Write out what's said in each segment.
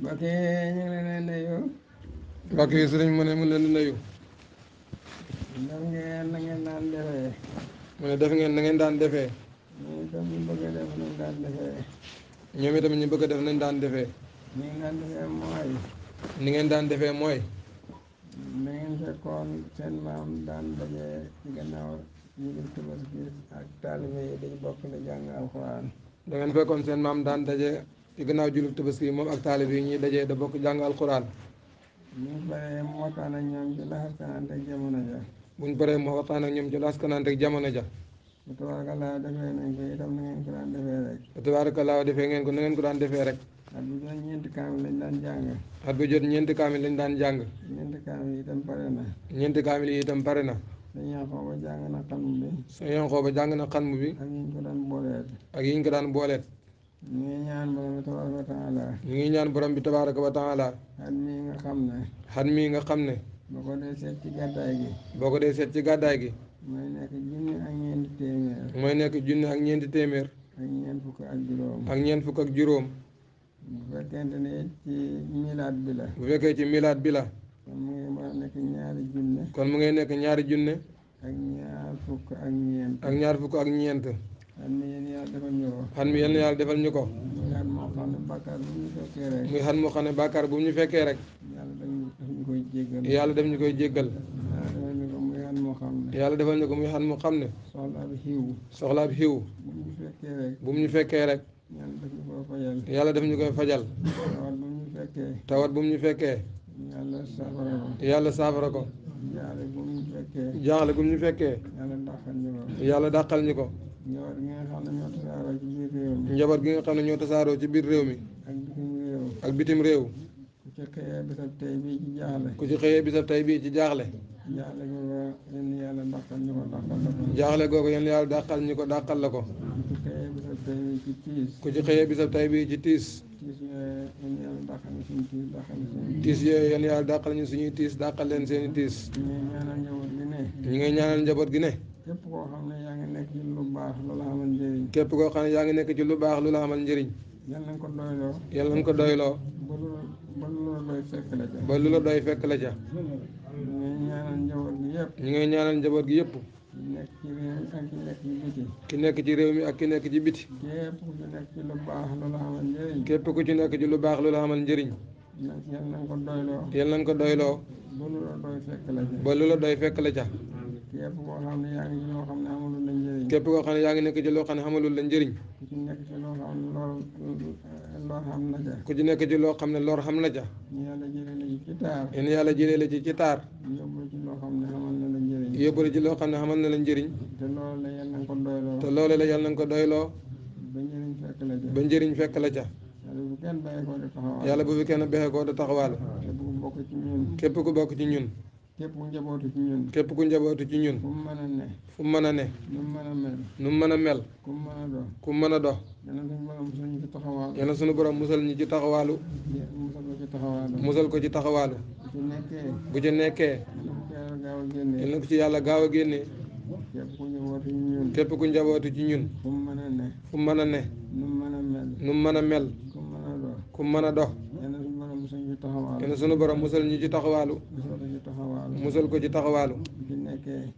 mbokk yi ñu ngi leen di nuyu. mbokk yi sëriñ mu ne mu ngi leen di nuyu. def ngeen na ngeen daan defee. mu ne def ngeen na ngeen daan defee. ñoom itam ñu bëgg a def nañ daan defee. ñu bëgg a def nañ ni ngeen daan defee mooy. ni ngeen daan defee mooy. na ngeen fekkoon seen maam daan dajee gannaaw julli tabaski ak taalibe yi dañ bokk di jàng alxuraan. da ngeen fekkoon seen maam daan dajee. ci gannaaw julub tabaski moom ak taalib yi ñuy dajee da bokk jàng alquran. buñ paree mu waxtaan ak ñoom ci laaskanante ak jamono ja. buñ paree mu waxtaan ak defee nañ ko itam na ngeen ko daan defee rek. ba ko daan defee rek. at bu jot ñeenti kaamil lañ daan jàng. at bu jot ñeenti kaamil lañ daan jàng. ñeenti kaamil yi itam pare na. ñeenti kaamil yi itam pare na. sëñ Yankooba jàng na xanmu bi. sëñ Yankooba jàng na xanmu bi. ak yi ñu ko daan booleet. ak yi ñu ko daan booleet. ñu ngi ñaan borom bi tabaraka wa taala ñu ngi ñaan borom bi tabaraka wa taala xat mii nga xam ne xat mii nga xam ne boo ko dee seet ci gàddaay gi boo ko dee seet ci gàddaay gi mooy nekk junni ak ñeenti téeméer ak ñeent fukk ak juróom ak ñeent fukk ak juróom bu ne ci milaat bi la bu fekkee ci milaat bi la kon mu ngi mën nekk ñaari junne kon mu ngi nekk ñaari junne ak ñaar fukk ak ñeent xan mi yal yàlla defal ñu ko muy xan moo xam ne bàkkaar bu ñu fekkee rek yàlla def ñu koy jéggal yàlla defal ñu ko muy xan moo xam ne soxla ab xiiw bu mu ñu fekkee rek yàlla def ñu koy fajal tawat bu mu ñu fekkee yàlla saafara ko jaaxle bu mu ñu fekkee yàlla dàqal ñu ko njaboot gi nga xam ne ñoo tasaaroo ci biir réew mi. njaboot gi nga xam ne ñoo tasaaroo ci biir réew mi. ak bitim réew. ak bitim réew. ku ci xëyee bisab tey bii ci jaaxle. xëyee bisab tey bii ci jaaxle. jaaxle googu yéen yàlla dàqal ñu ko dàqal la ko. yàlla dàqal ñu ko dàqal la ko. ku ci xëyee bisab tey bii ci tiis. ku ci xëyee bisab tey bii ci tiis. yooyu yéen yàlla dàqal ñu suñuy tiis dàqal leen seen i tiis. ñu ngi ñaanal njaboot gi ne. baax la xamal njëriñ képp koo xam ne yaa ngi nekk ci lu baax lu la xamal njëriñ yàlla na nga ko doyloo yàlla na ko doyloo ba lu la doy fekk la ca ba lu la doy fekk la ca ñu ngay ngay ñaanal njaboot gi yëpp nekk ci réew mi ak ki nekk ci biti ki ku ci nekk ci lu baax lu la xamal njëriñ képp ko doyloo ba lu la doy fekk la ca ba lu xam ne yaa ngi ci loo xam képp koo xam ne yaa ngi nekk ci loo xam ne xamalul la njëriñ. ku ci nekk ci loo xam ne lor xam na ja. ci nekk ci loo xam ne lor xam na ja. yéen yàlla jëlee la ci ci taar. yéen yàlla jëlee la ci ci loo xam ne xamal na la ci loo xam ne xamal na la njëriñ. te loolu la yàlla na ko doyloo. yàlla na ko doyloo. ba njëriñ fekk la ja. fekk la ja. yàlla bu fi kenn bàyyeekoo di taxawaal. yàlla bu fi kenn bàyyeekoo képp ku bokk ci ñun. képp ku njabootu ci ñun. képp ku njabootu ci ñun. fu mu a ne. fu mu mën a ne. nu mu mën a mel. nu mën a mel. ku mu mën a dox. ku mu mën suñu borom musal ñu ci taxawaalu. yàlla musal ko ci taxawaalu. musal bu ci nekkee. bu ci ci yàlla gaaw a génnee. képp ku njabootu ku njabootu ci ñun. fu mu mën a ne. fu mën a ne. nu mu mën a mel. mën a mel. ku mu mën mën a dox. yàlla suñu borom musal ñu ci taxawaalu. musal ko ci taxawaalu.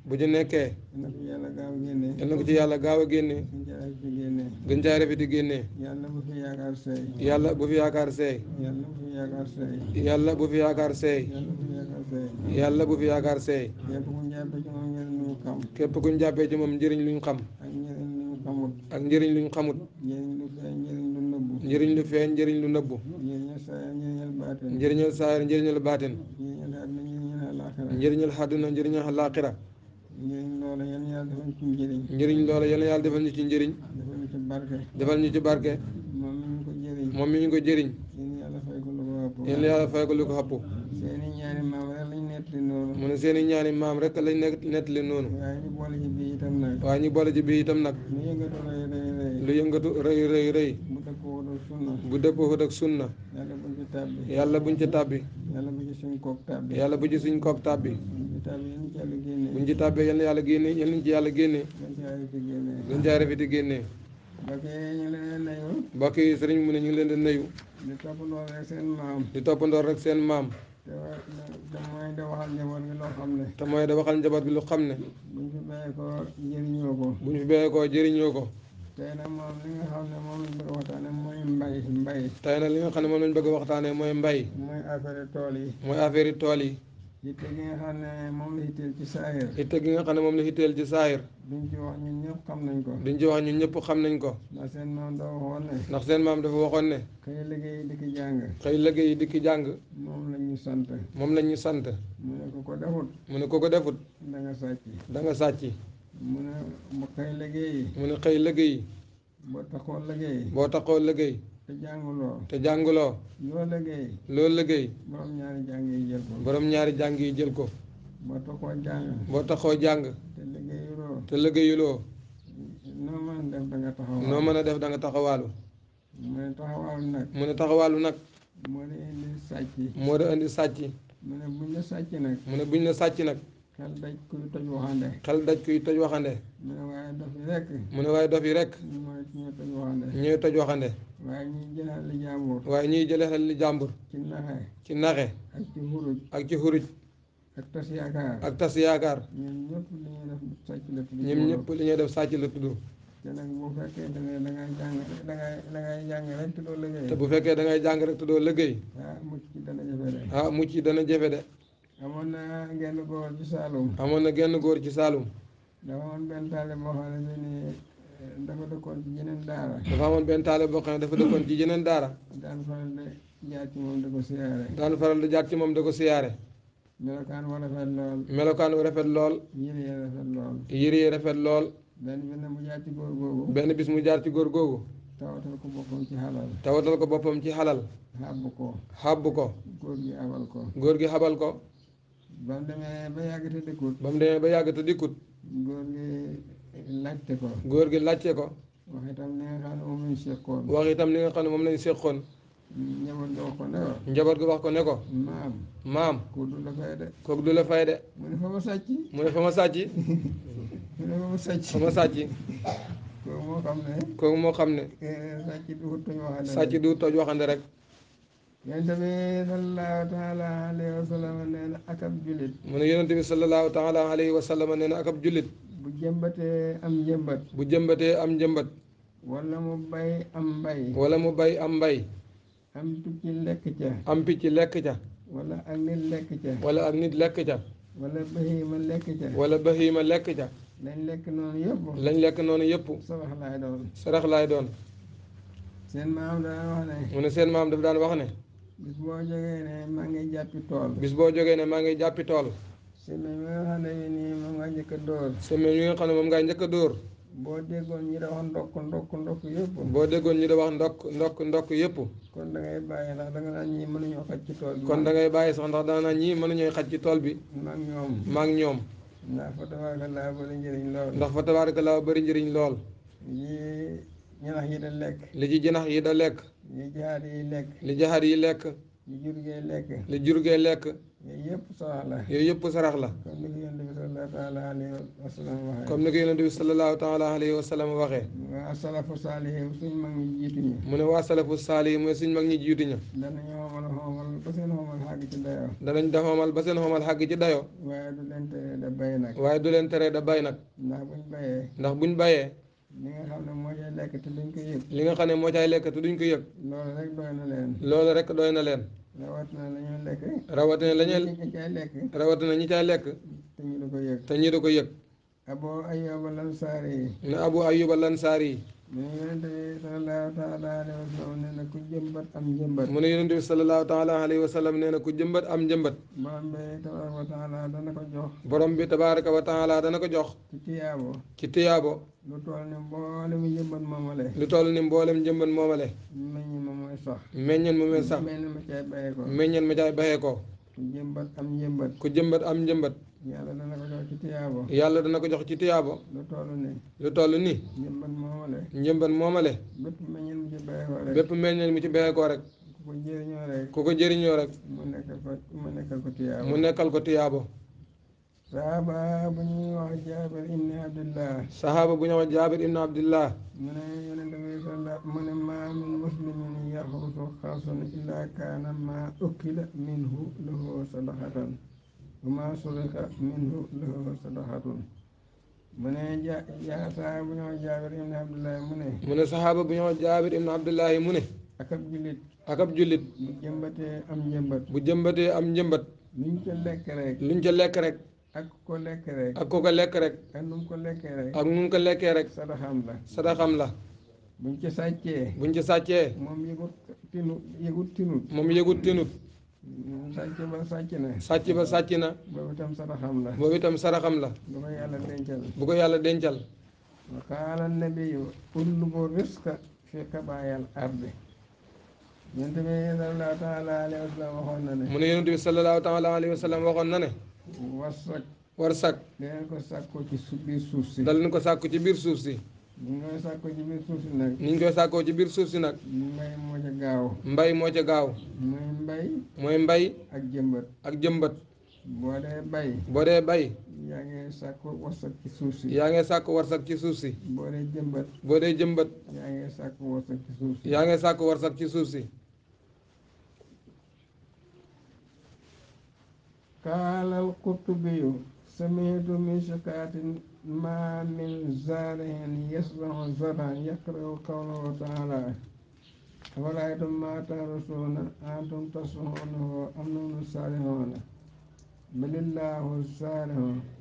bu ci nekkee. bu ko ci yàlla gaaw a génnee. yal na ko di génnee. gën yàlla bu fi yaakaar seey. yàlla bu fi yaakaar seey. yàlla bu fi yaakaar seey. yàlla bu fi képp ku ñu jàppee ci moom njëriñ lu ñu xam. képp ku ñu ci moom njëriñ lu ak njëriñ lu ñu xamut. ak lu ñu njëriñ lu feeñ njëriñ lu nëbbu. njëriñ lu feeñ njëriñ lu nëbbu. njëriñal saayir njëriñal baatin. njëriñal baatin. njëriñal xadduna njëriñal laaxira njëriñ loola yal na yàlla defal ñu ci njëriñ. njëriñ loola yal na yàlla defal ñu ci njëriñ. defal ñu ci barke. defal ñu ci barke. moom mi ñu ko jëriñ. moom mi ñu ko jëriñ. yal na yàlla fay ko lu ko xappu. seeni ñaari maam rek lañ nettali noonu. mu ne seeni ñaari maam rek lañ nettali noonu. waaye ñu boole ci bii itam nag. waaye ñu boole ci bii itam nag. lu yëngatu rëy rëy rëy. bu dëppoo ak sunna. bu dëppoo ak sunna. yàlla buñ ci tàbbi. yàlla bu ci suñ koog tàbbi yàlla bu ci suñ koog tàbbi buñ ci tàbbee yal yàlla génne yal nañ ci yàlla génne gën caa rafeti génne mbokk yi ñu leen di nuyu mbokk yi sëriñ mun ne ñu ngi leen di nuyu di toppandoo rek seen maam di toppandoo rek seen maam te mooy da waxal njaboot bi loo xam ne te mooy da waxal njaboot bi lu xam ne buñ fi bàyyeekoo jëriñoo ko buñ fi bàyyeekoo jëriñoo ko tey nag moom li nga xam ne moom lañ bëgg a waxtaane mooy mbay mbay tey nag li xam ne moom lañ bëgg a mooy mbay mooy affaire tool yi mooy affaire tool yi yitte gi moom la hitteel ci saayir nga xam ne moom la hitteel ci saayir duñ ci wax ñun ñëpp xam nañ ko duñ ci wax ñun ñëpp xam nañ ko ndax seen maam ndax seen maam dafa waxoon ne xëy liggéey dikki jàng xëy liggéey dikki jàng moom la ñu sant moom la ñu sant mu ne ko ko defut mu ne ko ko defut da nga sàcc da nga sàcc mu ne ma xëy liggéey. mu ne xëy liggéey. boo taxoo liggéey. boo taxoo liggéey. te jànguloo. te jànguloo. loo liggéey. loo liggéey. ñaari jàng yi jël borom ñaari jàng yi jël ko. boo taxoo jàng. boo taxoo jàng. te liggéeyuloo. te liggéeyuloo. noo mën a def danga nga taxawaalu. noo mën a def mu ne taxawaalu nag. mu ne taxawaalu nag. moo di indi sàcc. moo mu ne buñ la sàcc nag. mu ne buñ la sàcc nag. xel daj kuy toj waxande. xel daj mu ne waaye dof yi rek. mu ne waaye dof ñooy toj waxande. waaye ñuy jëlee li jàmbur. ci naxe. ci naxe. ak ci xuruj. ak tas yaakaar. ak tas yaakaar. ñoom ñëpp li ñuy def sàcc la tudd. ñoom ñëpp li ñuy def sàcc te bu fekkee da ngay da ngay jàng da ngay da ngay jàng rek te doo ah, mucc dana jafe de. Ah, amoon na genn góor ci Saalum. amoon na genn góor ci Saalum. dafa amoon benn taale boo xam ne nii eh, dafa dëkkoon ci jeneen daara. dafa amoon benn taale boo xam ne dafa dëkkoon ci jeneen daara. daan faral di jaar ci moom da ko siyaare. daan faral di jaar ci moom da ko siyaare. melokaan wu rafet lool. melokaan wu rafet lool. yére yi rafet lool. yére yi rafet lool. benn bis mu jaar ci góor googu. benn bis mu jaar ci góor googu. tawatal ko boppam ci xalal. tawatal ko boppam ci xalal. xàbb ko. xàbb ko. góor gi abal ko. góor gi abal ko. ba mu demee ba yàgg te dikkut. ba mu demee ba yàgg góor gi laajte ko. góor gi laajte ko. wax itam li nga xam ne moom lañ seqoon. wax itam li njaboot gi wax ko ne ko. maam. maam. kooku du la fay de. kooku du la fay de. mu ne fa ma sàcc. mu ne fa mu ne fa ma sàcc. kooku moo xam ne. kooku moo xam ne. Eh, sàcc du toj waxande du toj waxande rek. yonente bi sallallahu taala alayhi wa sallama nee na akab jullit mu ne bu jëmbatee am njëmbat bu jëmbatee am njëmbat wala mu bay am mbay wala mu bay am mbay am picc lekk ja am picc lekk ca wala ak nit lekk ca wala ak nit lekk ca wala bahiima lekk ca wala bahiima lekk ca lañ lekk noonu yëpp lañ lekk noonu yëpp sarax laay doon sarax laay doon seen maam daan wax ne mu ne seen maam daf daan wax ne bis boo jógee ne maa ngi jàppi tool. bis boo jógee ne maa ngi jàppi tool. semaine bi nga xam ne nii moom nga njëkk dóor. semaine bi nga xam ne moom ngaa njëkk a dóor. boo déggoon ñi da wax ndokk ndokk ndokk yëpp. boo déggoon ñi da wax ndokk ndokk ndokk yëpp. kon da ngay bàyyi ndax da nga naan ñii mënuñoo xaj ci tool bi. kon da ngay bàyyi sax ndax da nga naan ñii mënuñoo xaj ci tool bi. maag ñoom maag ñoom. ndax fa tabaarakallaa bëri njëriñ lool. ndax fa tabaarakallaa bari njëriñ lool. li janax yi da lekk. li ci janax yi da lekk. li jaxar yi lekk li jaxar yi lekk li jur gee lekk li jur gee lekk yooyu yëpp sarax la yooyu yëpp comme ni ko yonent bi sallallahu taala alayhi wa sallam waxee comme ni ko yonent wa sallam waxee waa mu ne mooy suñ mag ñi jiitu ña danañ xoomal xoomal ba seen xoomal xàgg ci dayoo danañ da xoomal ba seen xoomal xàgg ci dayoo waaye du leen tere da bay nag waaye du leen tere da bay nag ndax buñ bayee ndax buñ bayee li nga xam ne moo cay lekk te duñ ko yëg. li nga xam ne moo cay lekk te duñ ko yëg. loolu rek doy na leen. loolu rek doy na leen. rawatina la ñuy lekk. rawatina la ñuy. ñi cay lekk. rawatina lekk. te ñi du ko yëg. te ñi du ko yëg. Abu Ayyub al-Ansari. ne Abu lan al yi mu ne yonente bi salallahu taala alayhi wa sallam nee na ku jëmbat am njëmbat mu ne yonente bi salallahu taala alayhi wa sallam nee na ku jëmbat am njëmbat borom bi tabaraka wa taala dana ko jox borom bi tabaraka wa taala dana ko jox ci tiyaabo ci tiyaabo lu toll ni mboolem njëmbat moomale lu toll ni mboolem njëmbat moomale meññen ma mooy sax meññen ma mooy sax meññen ma caay bayee ko meññen ma caay bayee ko ku jëmbat am njëmbat ku jëmbat am njëmbat yàlla dana ko jox ci tiyaabo. yàlla dana ko jox ci tiyaabo. lu toll nii. lu toll nii. njëmban moomale. njëmban moomale. bépp meññeen mu ci bàyyeekoo rek. bépp meññeen mu ci ko ko jëriñoo rek. mu nekkal ko mu nekkal ko tiyaabo. saxaaba bu ñuy wax jaabir ibn abdillah. saxaaba bu ñuy wax jaabir ibn abdillah. mu ne yonente bi sala mu ne maa min illaa kaana maa ukila minhu lahu sadaqatan wa ma surika minhu lahu sadaqatun mu ne ja bu ñoo jaabir ibn abdullahi mu ne mu ne sahaaba bu ñoo ak ab jullit ak ab jullit bu jëmbatee am njëmbat bu jëmbatee am njëmbat luñ ca lekk rek luñ ca lekk rek ak ko lekk rek ak ko lekk rek ak nu mu ko lekkee rek ak ko lekkee rek sadaxam la sadaxam la buñ ca sàccee buñ ca sàccee moom yëgut tinu moom yëgut tinut sàcc ba sàcc na. sàcc ba sàcc na. boobu itam saraxam la. boobu itam saraxam la. bu ko yàlla dencal. bu ko yàlla dencal. wa qaala nabiyu utlubu risqa fi qabaayal ardi. yonent bi sallallahu taala alayhi wa sallam waxoon na ne. mu ne yonent bi sallallahu taala alayhi wa sallam waxoon na ne. warsak. warsak. danañ ko sàkku ci biir suuf si. danañ ko sàkku ci biir suuf si. ni ñu koy sàkkoo ci biir suuf si nag. ni ñu koy ci biir suuf si nag. mbay moo gaaw. mbay moo ca gaaw. mooy mbay. mooy mbay. ak jëmbat. ak jëmbat. boo dee bay. boo dee bay. yaa ngi sàkk warsak ci suuf si. yaa ngi sàkk warsak ci suuf si. boo dee jëmbat. boo dee yaa ngi sàkk warsak ci si. yaa ci suuf ما من زارع يزرع زرعا يقرأ قوله تعالى أفرأيتم ما ترسون أنتم تصنعونه أم نحن الصالحون بل الله الصالح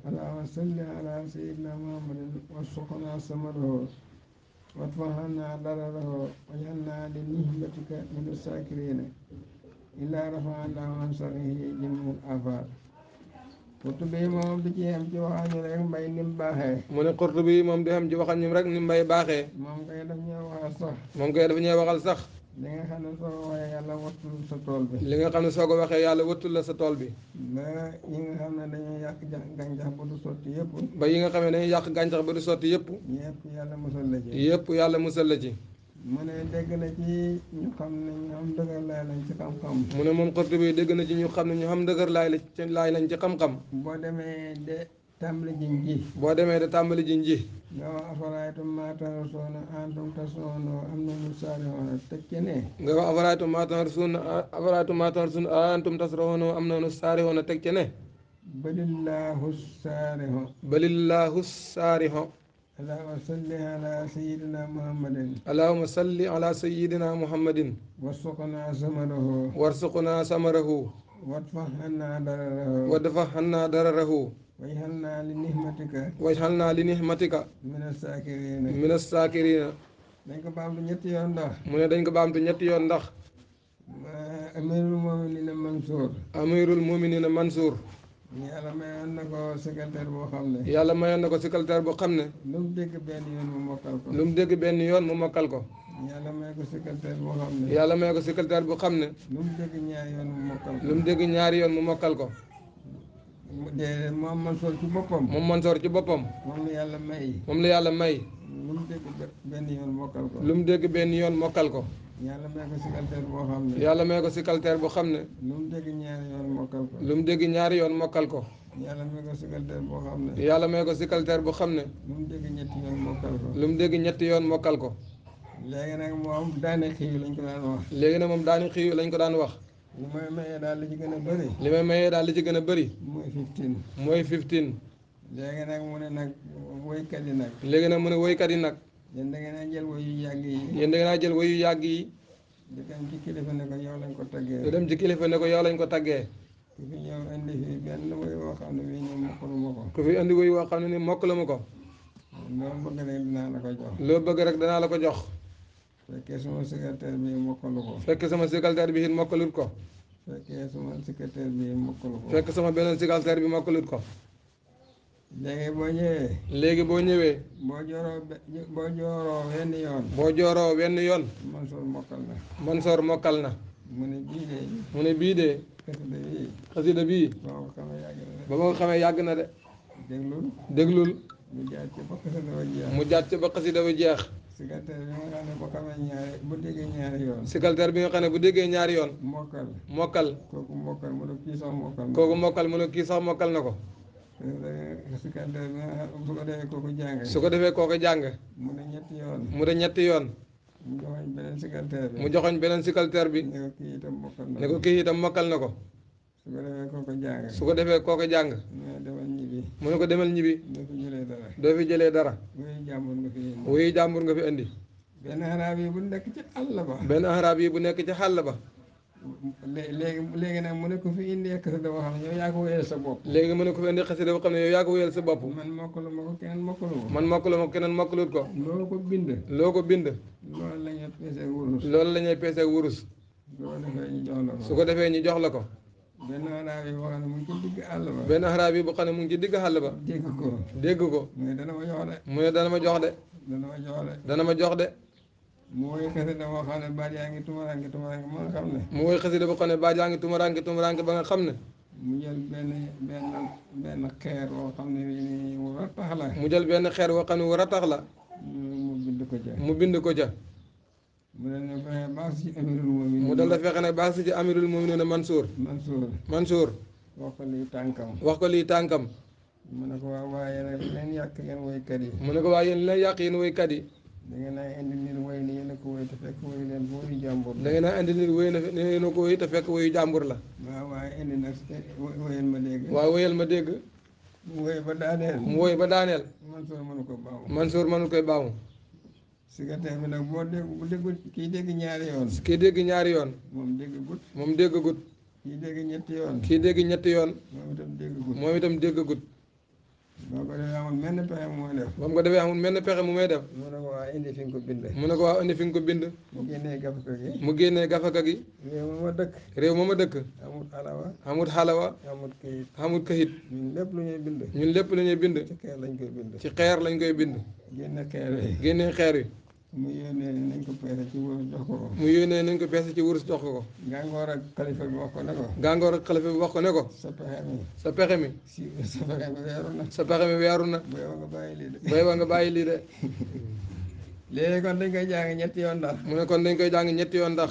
اللهم صل على سيدنا محمد وسقنا ثمره وطفحنا ضرره وجعلنا لنهمتك من الساكرين إلا رفع الله عن سره جميع الآفات Qurtubi moom du ci am ci waxal ñu mbay ni mu baaxee. mu ne bi moom du am ci waxal ñu rek ni mbay baaxee. moom kay daf ñuy waxal sax. moom kay daf ñuy waxal sax. li nga xam ne soo ko waxee yàlla wattul sa tool bi. li nga xam ne soo ko waxee yàlla wattul la sa tool bi. ba yi nga xam ne dañuy yàq gàncax ba du sotti yëpp. ba yi nga xam ne dañuy yàq gàncax ba du sotti yëpp. yëpp yàlla musal la ci. yëpp yàlla musal la ci. mu ne dégg na ci ñu xam ne ñu xam dëgër laay lañ ci xam-xam. mu ne moom Qurtubi dégg na ci ñu xam ne ñu xam dëgër laay lañ ci laay lañ ci xam-xam. boo demee de tàmbali jiñ ji. boo demee de tàmbali jiñ ji. nga wax afaraytum maa a antum tasna'uunahu am nahnu saari'uun teg ci ne. nga wax afaraytum maa tansuuna afaraytum maa tansuuna antum tasna'uunahu am nahnu saari'uun teg ci ne. balillaahu saari'u. balillaahu saari'u. اللهم صل على سيدنا محمد اللهم صل على سيدنا محمد وارزقنا ثمره وارزقنا ثمره وادفع عنا ضرره وادفع عنا ضرره واجعلنا لنعمتك واجعلنا لنعمتك من الساكرين من الساكرين dañ ko baamtu ñetti yoon ndax mu ne dañ ko baamtu ñetti yoon ndax amirul muminina mansour amirul muminina mansour yàlla mayoon na ko secrétaire boo xam ne. yàlla mayoon na ko secrétaire boo xam ne. lu mu dégg benn yoon mu mokkal ko. lu mu dégg benn yoon mu mokkal ko. yàlla may ko secrétaire boo xam ne. yàlla may ko secrétaire boo lu mu dégg ñaari yoon mu mokkal ko. mu dégg ñaari yoon mu mokkal ko. de moom Mansoor ci boppam. moom may. moom la yàlla may. lu mu yoon mokkal ko. lu mu dégg benn yoon mokkal ko. yàlla may ko si boo xam ne. yàlla may si calteer boo xam ne. lu mu dégg ñaari yoon mokkal ko. lu mu dégg yàlla may ko si calteer boo xam ne. yàlla may ko si calteer lu mu dégg ñetti yoon mokkal ko. lu mu léegi nag moom daane xiiw lañ ko daan wax. léegi nag moom daane xiiw lañ ko daan wax. li may mayee daal li ci gën a bëri. li may mayee daal li ci gën a bari mooy mooy fifteen. léegi nag mu ne nag woykat yi nag. léegi nag mu ne woykat yi nag. yéen da ngeen a jël wayu yàgg yi. yéen da ngeen a jël wayu yàgg yi. di dem ci kilifa ne ko yow lañ ko taggee. di dem ci kilifa ne ko yow lañ ko taggee. ku fi ñëw indi fii benn wayu woo xam ne bii nii mokk la ma ko. ku fi indi wayu woo xam ne nii mokk la ma ko. loo bëgg rek dinaa la ko jox. loo bëgg rek danaa la ko jox. fekkee sama secrétaire bi mokkalu ko. fekkee sama secrétaire bi it mokkalut ko. fekkee sama secrétaire bi mokkalu ko. fekk sama beneen secrétaire bi mokkalut ko. léegi boo ñëwee. léegi boo ñëwee. boo jooroo wenn yoon. boo jooroo wenn yoon. Mansoor mokkal na. Mansoor mokkal na. mu ne bii de. mu ne bii de. xasida bii. xasida bii. ba ma ko xamee yàgg na de. ba ma yàgg na de. déglul. déglul. mu jaat ci ba xasida ba jeex. mu jaat ci sikalteer bi nga xam ne bu xamee ñaari bu déggee ñaari yoon. bi nga xam ne déggee ñaari yoon. mokkal. mokkal. kooku mokkal mu ne mokkal na ko. kii sax mokkal na ko. su ko defee kooku jàng. su ko defee kooku jàng. mu ne ñetti yoon. mu mu joxoñ beneen secrétaire bi. bi. itam ne ko kii itam mokkal na ko. su ko defee kooku jàng. su ko defee kooku jàng. mu ne demal ñibbi. ko demal ñibbi. doo fi jëlee dara. doo fi jëlee jàmbur nga fi indi. wuyu jàmbur nga benn araab yi bu nekk ci àll ba. yi bu nekk ci àll ba. léegi léegi nag mu ne ko fi indi xasida boo xam ne yow yaa ko wéyal sa bopp léegi mu ne ko fi indi xasida boo xam ne yow yaa ko wéyal sa bopp man mokkalu ma ko keneen mokkalu ko man mokkalu ma ko keneen mokkalut ko ko bind loo ko bind loolu la ñuy wurus loolu la ñuy peese ak wurus su ko defee ñu jox la ko su ko defee ñu jox la ko benn xaraab yi boo xam ne mu ngi ci digg àll ba benn xaraab yi boo xam ne mu ngi ci digg àll ba dégg ko dégg ko mu ne dana ma jox de dana ma jox de dana ma jox de dana ma jox de mu woy xasida boo xam ne baat yaa ngi tumaranke tumaranke ba nga xam ne mu woy xam ne baat yaa ngi tumaranke tumaranke ba mu jël benn xeer woo xam ne ni wu ratax la bind ko mu bind ko ja mu dal na fexe baax si ci amirul moominin mu dal na fexe nag baax wax ko lii tànkam wax ko lii tànkam mu ne ko waaw waaye nag leen yàq yéen woykat yi mu ne ko waaw yéen leen yàq yéen woykat yi da ngeen a indi nit woy ni yéen a ko woy te fekk woyu leen ba woyu jàmbur da na ne yéen ko woy te fekk woyu jàmbur la waaw waaye indi nag woyal ma dégg waaw woyal ma dégg mu woy ba daaneel mu woy ba daaneel Mansour mënu ko baamu Mansour mënu koy baamu secrétaire bi nag boo dégg bu kii dégg ñaari yoon kii dégg ñaari yoon moom dégg gut moom dégg gut kii dégg ñetti yoon kii dégg ñetti yoon moom itam dégg gut moom dégg gut boo ko defee amul menn pexe mu may def mu ko defee amul menn pexe mu may def mu ne ko waa indi fi nga ko bind mu ne ko waa indi fi nga ko bind mu génnee gafaka gi mu génnee gafaka gi réew ma ma dëkk réew ma ma dëkk amul xalawa amul xalawa amul kayit amul kayit ñun lépp lu ñuy bind ñun lépp lu ñuy bind ci xeer lañ koy bind ci xeer lañ koy bind génne xeer xeer yi mu yónnee nañ ko peese ci wurus jox ko ko. mu yónnee nañ ko peese ci wurus jox ko ko. gàngoor ak xalifa bi wax ko ne ko. gàngoor ak xalifa bi wax ko ne ko. sa pexe mi. sa pexe mi. si sa pexe mi weeru na. sa pexe mi weeru na. booy wa nga bàyyi lii de. booy wa nga bàyyi lii de. léegi kon dañ koy jàng ñetti yoon ndax. mu ne kon dañ koy jàng ñetti yoon ndax.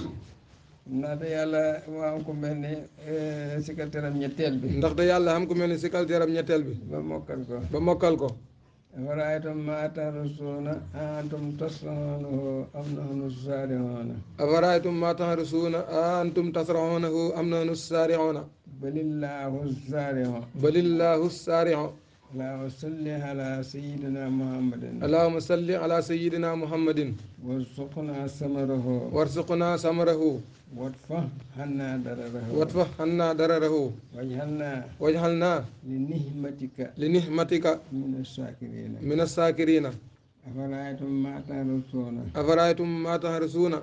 ndax de yàlla ma am ku mel ni eh, secrétaire am ñetteel bi. ndax de yàlla am ku mel ni secrétaire am ñetteel bi. ba mokkal ko ba mokkal ko. أفرأيتم ما تهرسون أنتم تصنعونه أم نحن الزارعون أفرأيتم ما تهرسون أنتم تصرعونه أم نحن الزارعون بل الله الزارع بل الله الزارع اللهم صل على سيدنا محمد اللهم صل على سيدنا محمد وارزقنا ثمره وارزقنا ثمره وادفع عنا درره وادفع عنا درره واجعلنا واجعلنا لنهمتك لنهمتك من الشاكرين من الشاكرين أفرأيتم ما تهرسون أفرأيتم ما تهرسون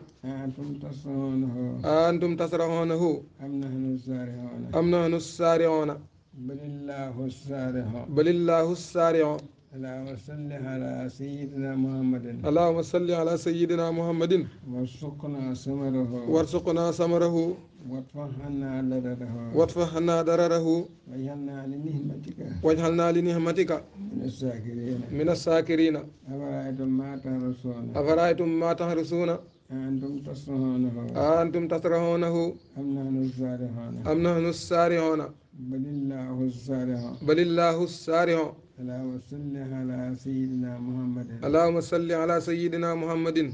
أنتم تسرحونه أنتم تسرحونه أم نحن السارعون أم نحن السارعون balillahu saariho balillahu saariho allahuma salli ala sayidina muhammadin allahuma salli ala sayidina muhammadin warsuqna samarahu warsuqna samarahu watfahanna dararahu watfahanna dararahu wajhalna li nihmatika wajhalna li nihmatika min asakirina afaraitum ma tahrusuna afaraitum ma tahrusuna أنتم تصرحونه أنتم تصرحونه أم نحن السارحون أم نحن السارحون balillahu saariho balillahu saariho allahuma salli ala sayidina muhammadin allahuma salli ala sayidina muhammadin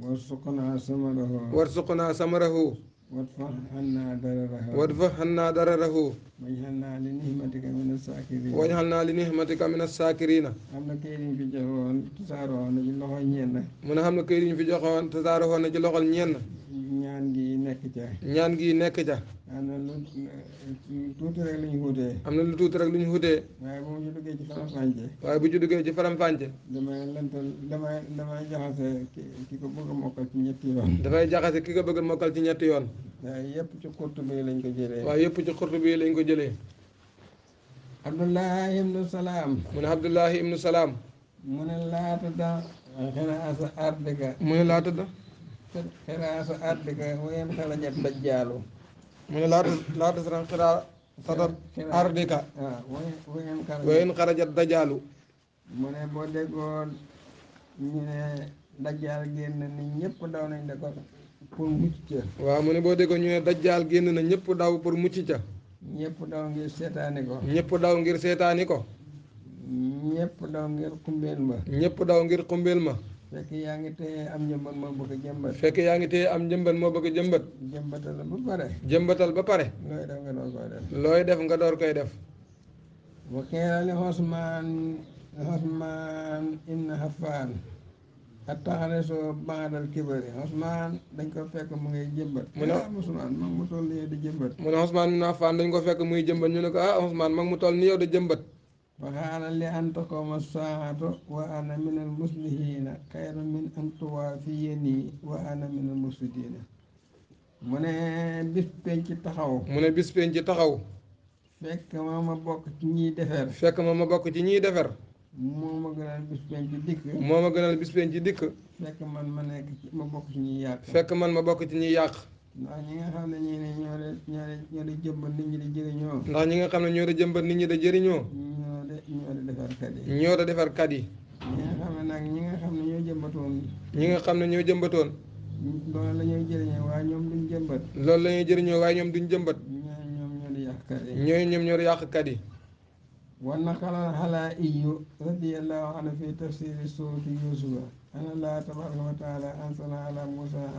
warsuqna samarahu warsuqna samarahu وادفع عنا ضرره وادفع عنا ضرره واجعلنا لنهمتك من الساكرين واجعلنا لنهمتك من الساكرين امنا كيرين في جهون تزارو نجي لوخو ñen من امنا كيرين في جهون تزارو نجي لوخو ñen ñaan gi nek ja ñaan gi nek ja am na lu tuuti rek lu ñu wutee. am na lu tuuti rek lu ñu wutee. waaye bu ñu duggee ci faram-fàccee. waaye bu ñu duggee ci faram-fàccee. damay lantal damay damay jaxase ki ko bëgg a mokkal ci ñetti yoon. dafay jaxase ki ko bëgg a mokkal ci ñetti yoon. waaye yëpp ci xurtu bi lañ ko jëlee. waaye yëpp ci xurtu bi lañ ko jëlee. Abdullahi ibnu Salaam. mu ne Abdullahi ibnu Salaam. mu ne laata da xiraasa ardika. mu ne laata da. xiraasa ardika wayen xalajat dajjaalu. mu ne laata laata sax xiraa satar ardika ah, wayin xarajat dajaalu mu ne boo déggoon ñu ne dajaal génn na ñëpp daw nañ da ko waaw mu ne boo déggoon ñu génn na ñëpp daw pour mucc ca ñëpp daw ngir seetaani ko ñépp daw ngir seetaani ko ñëpp daw ngir xumbeel ma ñëpp daw ngir xumbeel ma fekk yaa ngi téye am njëmbat moo bëgg a jëmbat. fekk yaa ngi téye am njëmbat moo bëgg jëmbat. jëmbatal ba pare. jëmbatal ba pare. looy def nga door koy def. looy def nga door koy def. wa qila li Usmaan Usmaan ibn Affaan dañ ko fekk mu ngay jëmbat. mu ne ah, Usmaan mag mu toll nii dañ ko fekk muy jëmbat ñu ne ko ah Usmaan mag mu toll nii yow da jëmbat. فقال لأن تقوم الساعة وأنا من المصلحين خير من أن توافيني وأنا من المفسدين mu ne bis penc taxaw. mu ne bis penc taxaw. fekk ma ma bokk ci ñiy defar. fekk ma ma bokk ci ñiy defar. moo ma gënal bis penc dikk. moo ma gënal bis penc dikk. fekk man ma nekk ma bokk ci ñiy yàq. fekk man ma bokk ci ñiy yàq. ndax ñi nga xam ne ñii ne ñoo de ñoo nit ñi di jëriñoo. ndax ñi nga xam ne ñoo de jëmbat nit ñi di jëriñoo. defarkat yi. ñoo doon defarkat yi. ñi nga xam ne nag ñi xam ne ñoo jëmbatoon. ñi nga xam ne ñoo jëmbatoon. loolu la ñuy jëriñoo waaye ñoom duñ jëmbat. loolu la ñuy jëriñoo waaye ñoom duñ jëmbat. ñoo di yàqkat yi. ñoo di yàqkat yi. wa naqala al-Xalaa'iyu radiyallaahu anhu fi tafsiiri suurati Yuusufa anna Allaaha tabaaraka wa taala anzala alaa Muusaa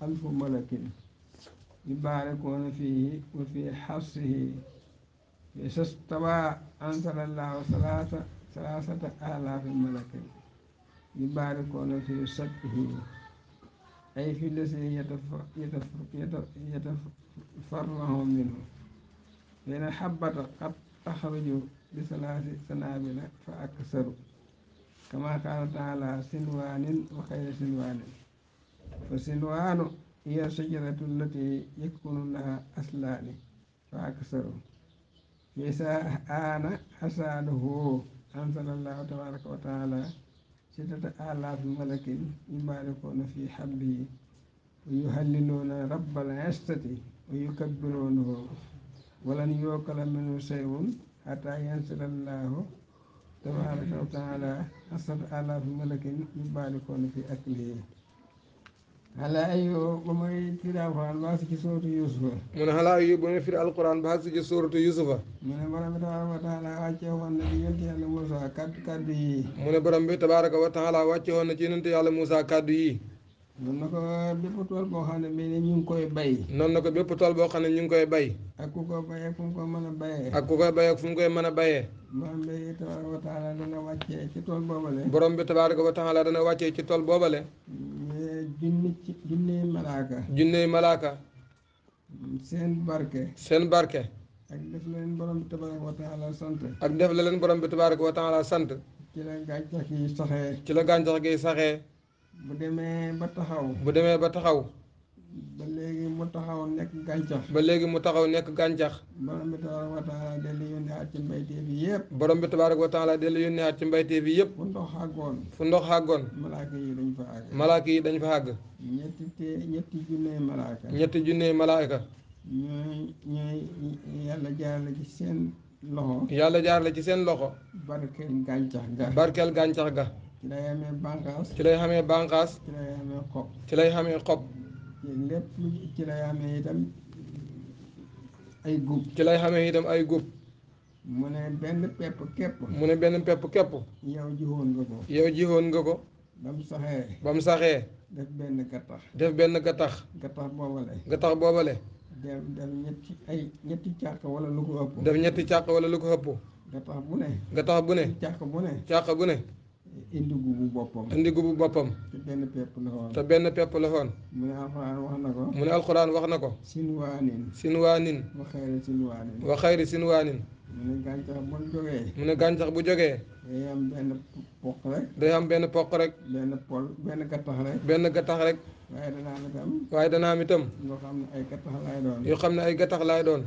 alfu malakin يباركون فيه وفي حفصه فاستوى أنزل الله ثلاثة ثلاثة آلاف ملك يباركون في سبه أي في الذي يتفرغ منه فإن حبة قد تخرج بثلاث سنابل فأكثر كما قال تعالى سنوان وخير سنوان فسنوان hiya shajaratu allati yakunu laha aslaani fa aksaru fi saana asaaluhu anzalallahu tabaraka wa taala sittata alaafi malakin yubaarikuuna fi habbihi wa yuhalliluuna rabbal izzati wa yukabbiruunahu walan yuukala minhu shay'un hatta yanzila allahu tabaraka wa taala sittata alaafi malakin yubaarikuuna fi aklihi xalaa yoo ba muy firi alquran ba si ci suuratu yusufa mu ne xalaa yoo ba muy firi alquran ba si ci suuratu yusufa mu ne borom bi tabaraka wa taala wàcce woon na ci yonent yàlla Moussa kaddu kaddu yi mu ne borom bi tabaraka wa taala wàcce woon na ci yonent yàlla Moussa kaddu yi noonu na ko bépp tool boo xam ne bii ne ñu ngi koy bay noonu na ko bépp tool boo xam ne ñu ngi koy bay ak ku ko bayee fu mu ko mën a bayee ak ku koy bayee ak fu mu koy mën a bayee borom bi tabaraka wa taala dana wàccee ci tool boobale borom bi tabaraka wa taala dana wàccee ci tool boobale junni ci junney malaaka junney malaaka seen barke seen barke ak def la leen borom bi tabaaraka wa taala sant ak def la leen borom bi tabaaraka wa taala sant ci la gàncax gi saxee ci la gàncax gi saxee bu demee ba taxaw bu demee ba taxaw ba léegi mu taxaw nekk gàncax. ba léegi mu taxaw nekk gàncax. borom bi tabaaraka wa taala ci yëpp. borom bi tabaaraka wa taala dellu yónneewaat ci mbayteef yi yëpp. fu ndox xàggoon. fu ndox xàggoon. malaaka yi dañ fa àgg. malaaka yi dañ fa àgg. ñetti te ñetti junney malaaka. ñetti junney malaaka. ñooy seen loxo. yàlla jaarale ci seen loxo. gàncax ga. gàncax ga. ci lay xamee bànqaas. ci lay xamee bànqaas. ci ci lay xamee xob. lépp ci lay xamee itam ay góob. ci lay yi tam ay gub mu ne benn pepp képp. mu ne benn pepp képp. yow jiwoon nga ko. yow jiwoon nga ko. ba saxee. ba mu saxee. def benn gattax. def benn gattax. gattax boobale. gattax boobale. def def ñetti ay ñetti càq wala lu ko ëpp. def ñetti càq wala lu ko ëpp. gattax bu ne. gattax bu ne. càq bu ne. càq bu ne. indigu bu boppam. indigu bu boppam. te benn pepp la te benn pepp la mu ne alxuraan wax na ko. mu ne alxuraan wax na ko. sinwaanin. sinwaanin. wa xayri sinwaanin. wa xayri sinwaanin. mu ne gàncax bu jógee. mu am benn poq rek. day benn pol benn gattax rek. benn gattax rek. waaye danaa itam. waaye danaa am yoo xam ne ay gattax laay doon.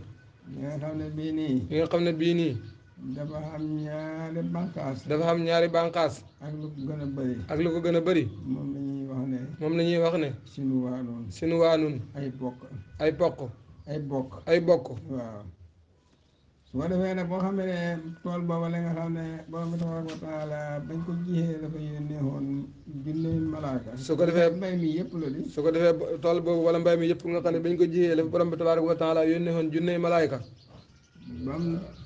yoo xam ne ay gattax laay doon. yi xam ne bii nii. yi xam ne bii nii. dafa am ñaari bànqaas. dafa am ñaari bànqaas. ak lu ko gën a bëri. ak lu ko gën a bëri. moom la ñuy wax ne. moom la ñuy wax ne. su waanuun. sinu waanuun. ay bokk. ay bokk. ay bokk. ay bokk. waaw su ko defee nag boo xam ne tool booba la nga xam ne borom bi tabaraka wa ko jiyee dafa yónnee woon junni malaaka. su ko defee mbay mi yëpp la di. su ko tool boobu wala mbay mi yëpp nga xam ne bañ ko jiyee dafa borom bi tabaraka wa taala yónnee woon junni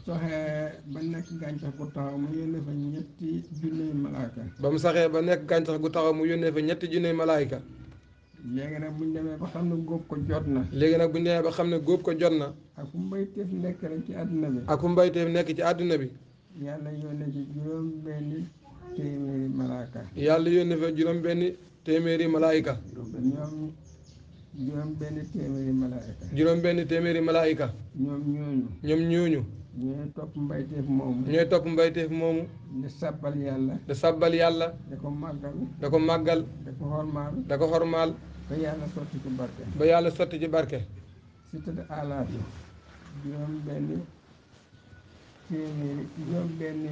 saxee ba nekk gàncax gu taxaw mu yónnee fa ñetti junney malaayka ba mu saxee ba nekk gàncax gu taxaw mu yónnee fa ñetti junney malaayka léegi nag bu ñu demee ba xam ne góob ko jot na léegi nag bu ñu demee ba xam ne góob ko jot na ak fu mbayteef nekk rek ci àdduna bi ak fu mbayteef nekk ci àdduna bi yàlla yónnee ci juróom yàlla yónnee fa juróom benni téeméeri malaayka ñoom juróom benni téeméeri malaayka juróom benni ñoom ñooñu ñoom ñooñu ñooy topp mbayteef moomu. ñooy topp mbayteef moomu. di sabbal yàlla. di sabbal yàlla. da ko màggal. da ko màggal. da ko hormaal. ba yàlla sotti ci barke. ba yàlla sotti ci barke. sittatu alaafi. juróom benn juróom benn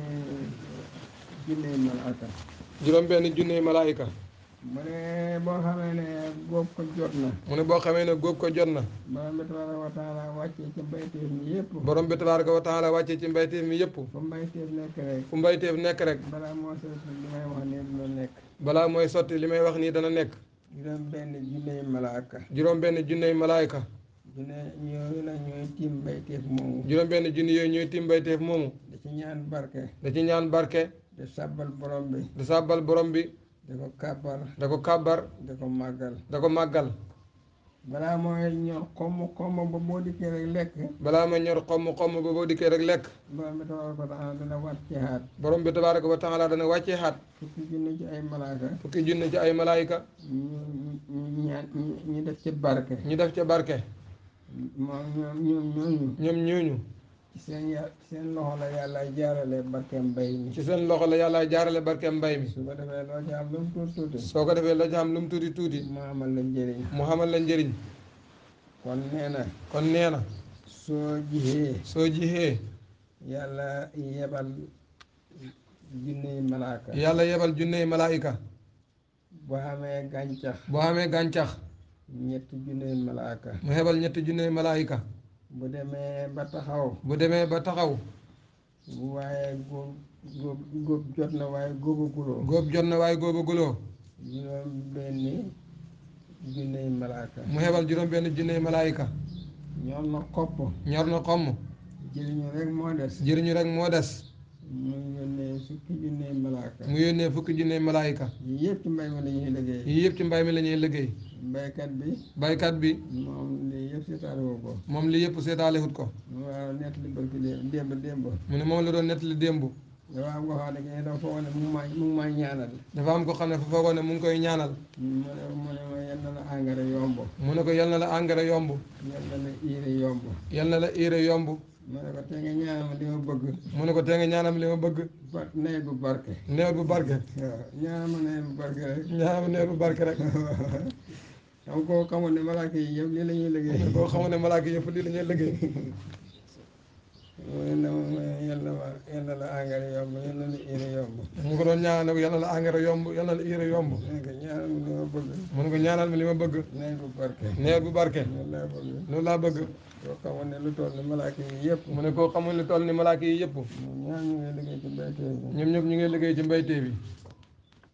junneey malaayika. juróom benn junneey malaayika. mu ne boo xamee ne góob ko jot na mu ne boo xamee ne góob ko jot na borom bi tabaraka wa taala wàccee ci mbayteef mi yëpp borom bi tabaraka wa taala wàccee ci mbayteef mi yëpp fu mbayteef nekk rek fu mbayteef nekk rek balaa mooy sotti li may wax nii dana nekk juróom benn junney malaayka juróom benn junney malaayka junne yooyu nag juróom benn junne yooyu ñooy tiim mbayteef moomu da ci ñaan barke da ci ñaan barke da sàbbal borom bi da sàbbal borom bi da ko kàbbar da ko kàbbar da ko màggal da ko màggal balaa mooy ñor xomm xomm ba boo dikkee rek lekk balaa mooy ñor xomm xomm ba boo dikkee rek lekk borom bi tabaaraka wa taala dana wàccee xat borom bi tabaaraka wa taala wàccee xaat ci ay malaayka fukki ñu ñaan ñu def ca barke ñu def ca barke ñoom ñooñu ñoom ñooñu seen seen loxo la yàlla jaarale barkeem mbay mi ci seen loxo la yàlla jaarale barkeem mbay mi su ko defee loo ci am lu mu tuuti tuuti soo ko defee loo ci am lu mu tuuti tuuti mu amal la njëriñ mu amal la njëriñ kon nee na kon nee na soo jixee soo jixee yàlla yebal junney malaaka yàlla yebal junney malaayika boo xamee gàncax boo xamee gàncax ñetti junney malaaka mu yebal ñetti junney malaayika bu demee ba taxaw. bu demee ba taxaw. waaye góob góob jot na waaye góobaguloo. góob jot na waaye góobaguloo. juróom benni junney malaayika. mu xebal juróom benni junney malaayika. ñor na xopp. ñor na xomm. jëriñu rek moo des. jëriñu rek moo des. fukki junney malaaka mu yónnee fukki junney malaayika yii yëpp ci mbay mi la ñuy liggéey yii mbay mi la ñuy liggéey baykat bi baykat bi moom lii yëpp seetaale wu ko moom lii yëpp seetaale ko waaw nett li barki démb démb mu ne moom la doon nett li démb dafa am ko xam ne dafa foogoon ne mu ñaanal dafa am ko xam ne fa foogoon ne koy ñaanal mu ne mu ne ma yal na la engrais yomb mu ne ko yal na la engrais yomb yal na la urée yomb yal na la urée yomb mu ne ko tee ñaanam li ma bëgg. mu ne ko tee nga ñaanam li ma bëgg. ba nawet bu barke. nawet bu barke. waaw ñaanama nawet bu barke rek. ñaanama nawet bu barke rek. xam koo xamoon ne malaaka yi yëpp lii la ñuy liggéey. koo xamoon ne malaaka yi yëpp lii la ñuy liggéey. yal na ma yal engrais yomb yal na la mu ne ko ñaanal ma li ma bëgg. mu li ma bëgg. nawet bu barke. nawet bu barke. loolu laa bëgg. koo xamul lu toll ni malaaka yi yëpp. mu ne koo xamul ne lu toll ni malaaka yi yëpp. ñoom ñu ngi liggéey ci mbaytee bi. ñoom ñëpp ñu ngi liggéey ci mbaytee bi.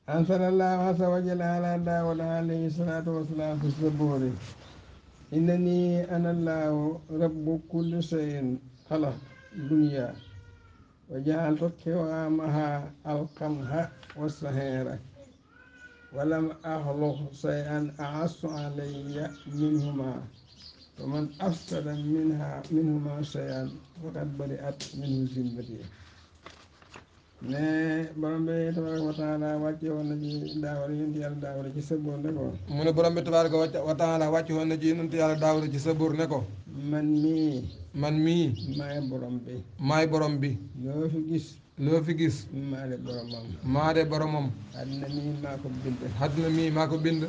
ansalallahu asa wajal ala daawuda alayhi salaatu wasalaam fi sabuuri innani ana allahu دنيا وجعلت قوامها القمح والسهيرة ولم أخلق شيئا أعص علي منهما ومن أفسد منها منهما شيئا فقد برئت منه ذمتي mais borom bi tabaraka wa taala wàcce woon na ci daawara yonent yàlla daawara ci sëboor ne ko mu ne borom bi tabaraka wa taala wàcce woon na ci yonent yàlla daawara ci sëboor ne ko man mii man mii maay borom bi maay borom bi loo fi gis loo fi gis maa de boromam maa de boromam àddina mii maa ko bind àddina mii maa ko bind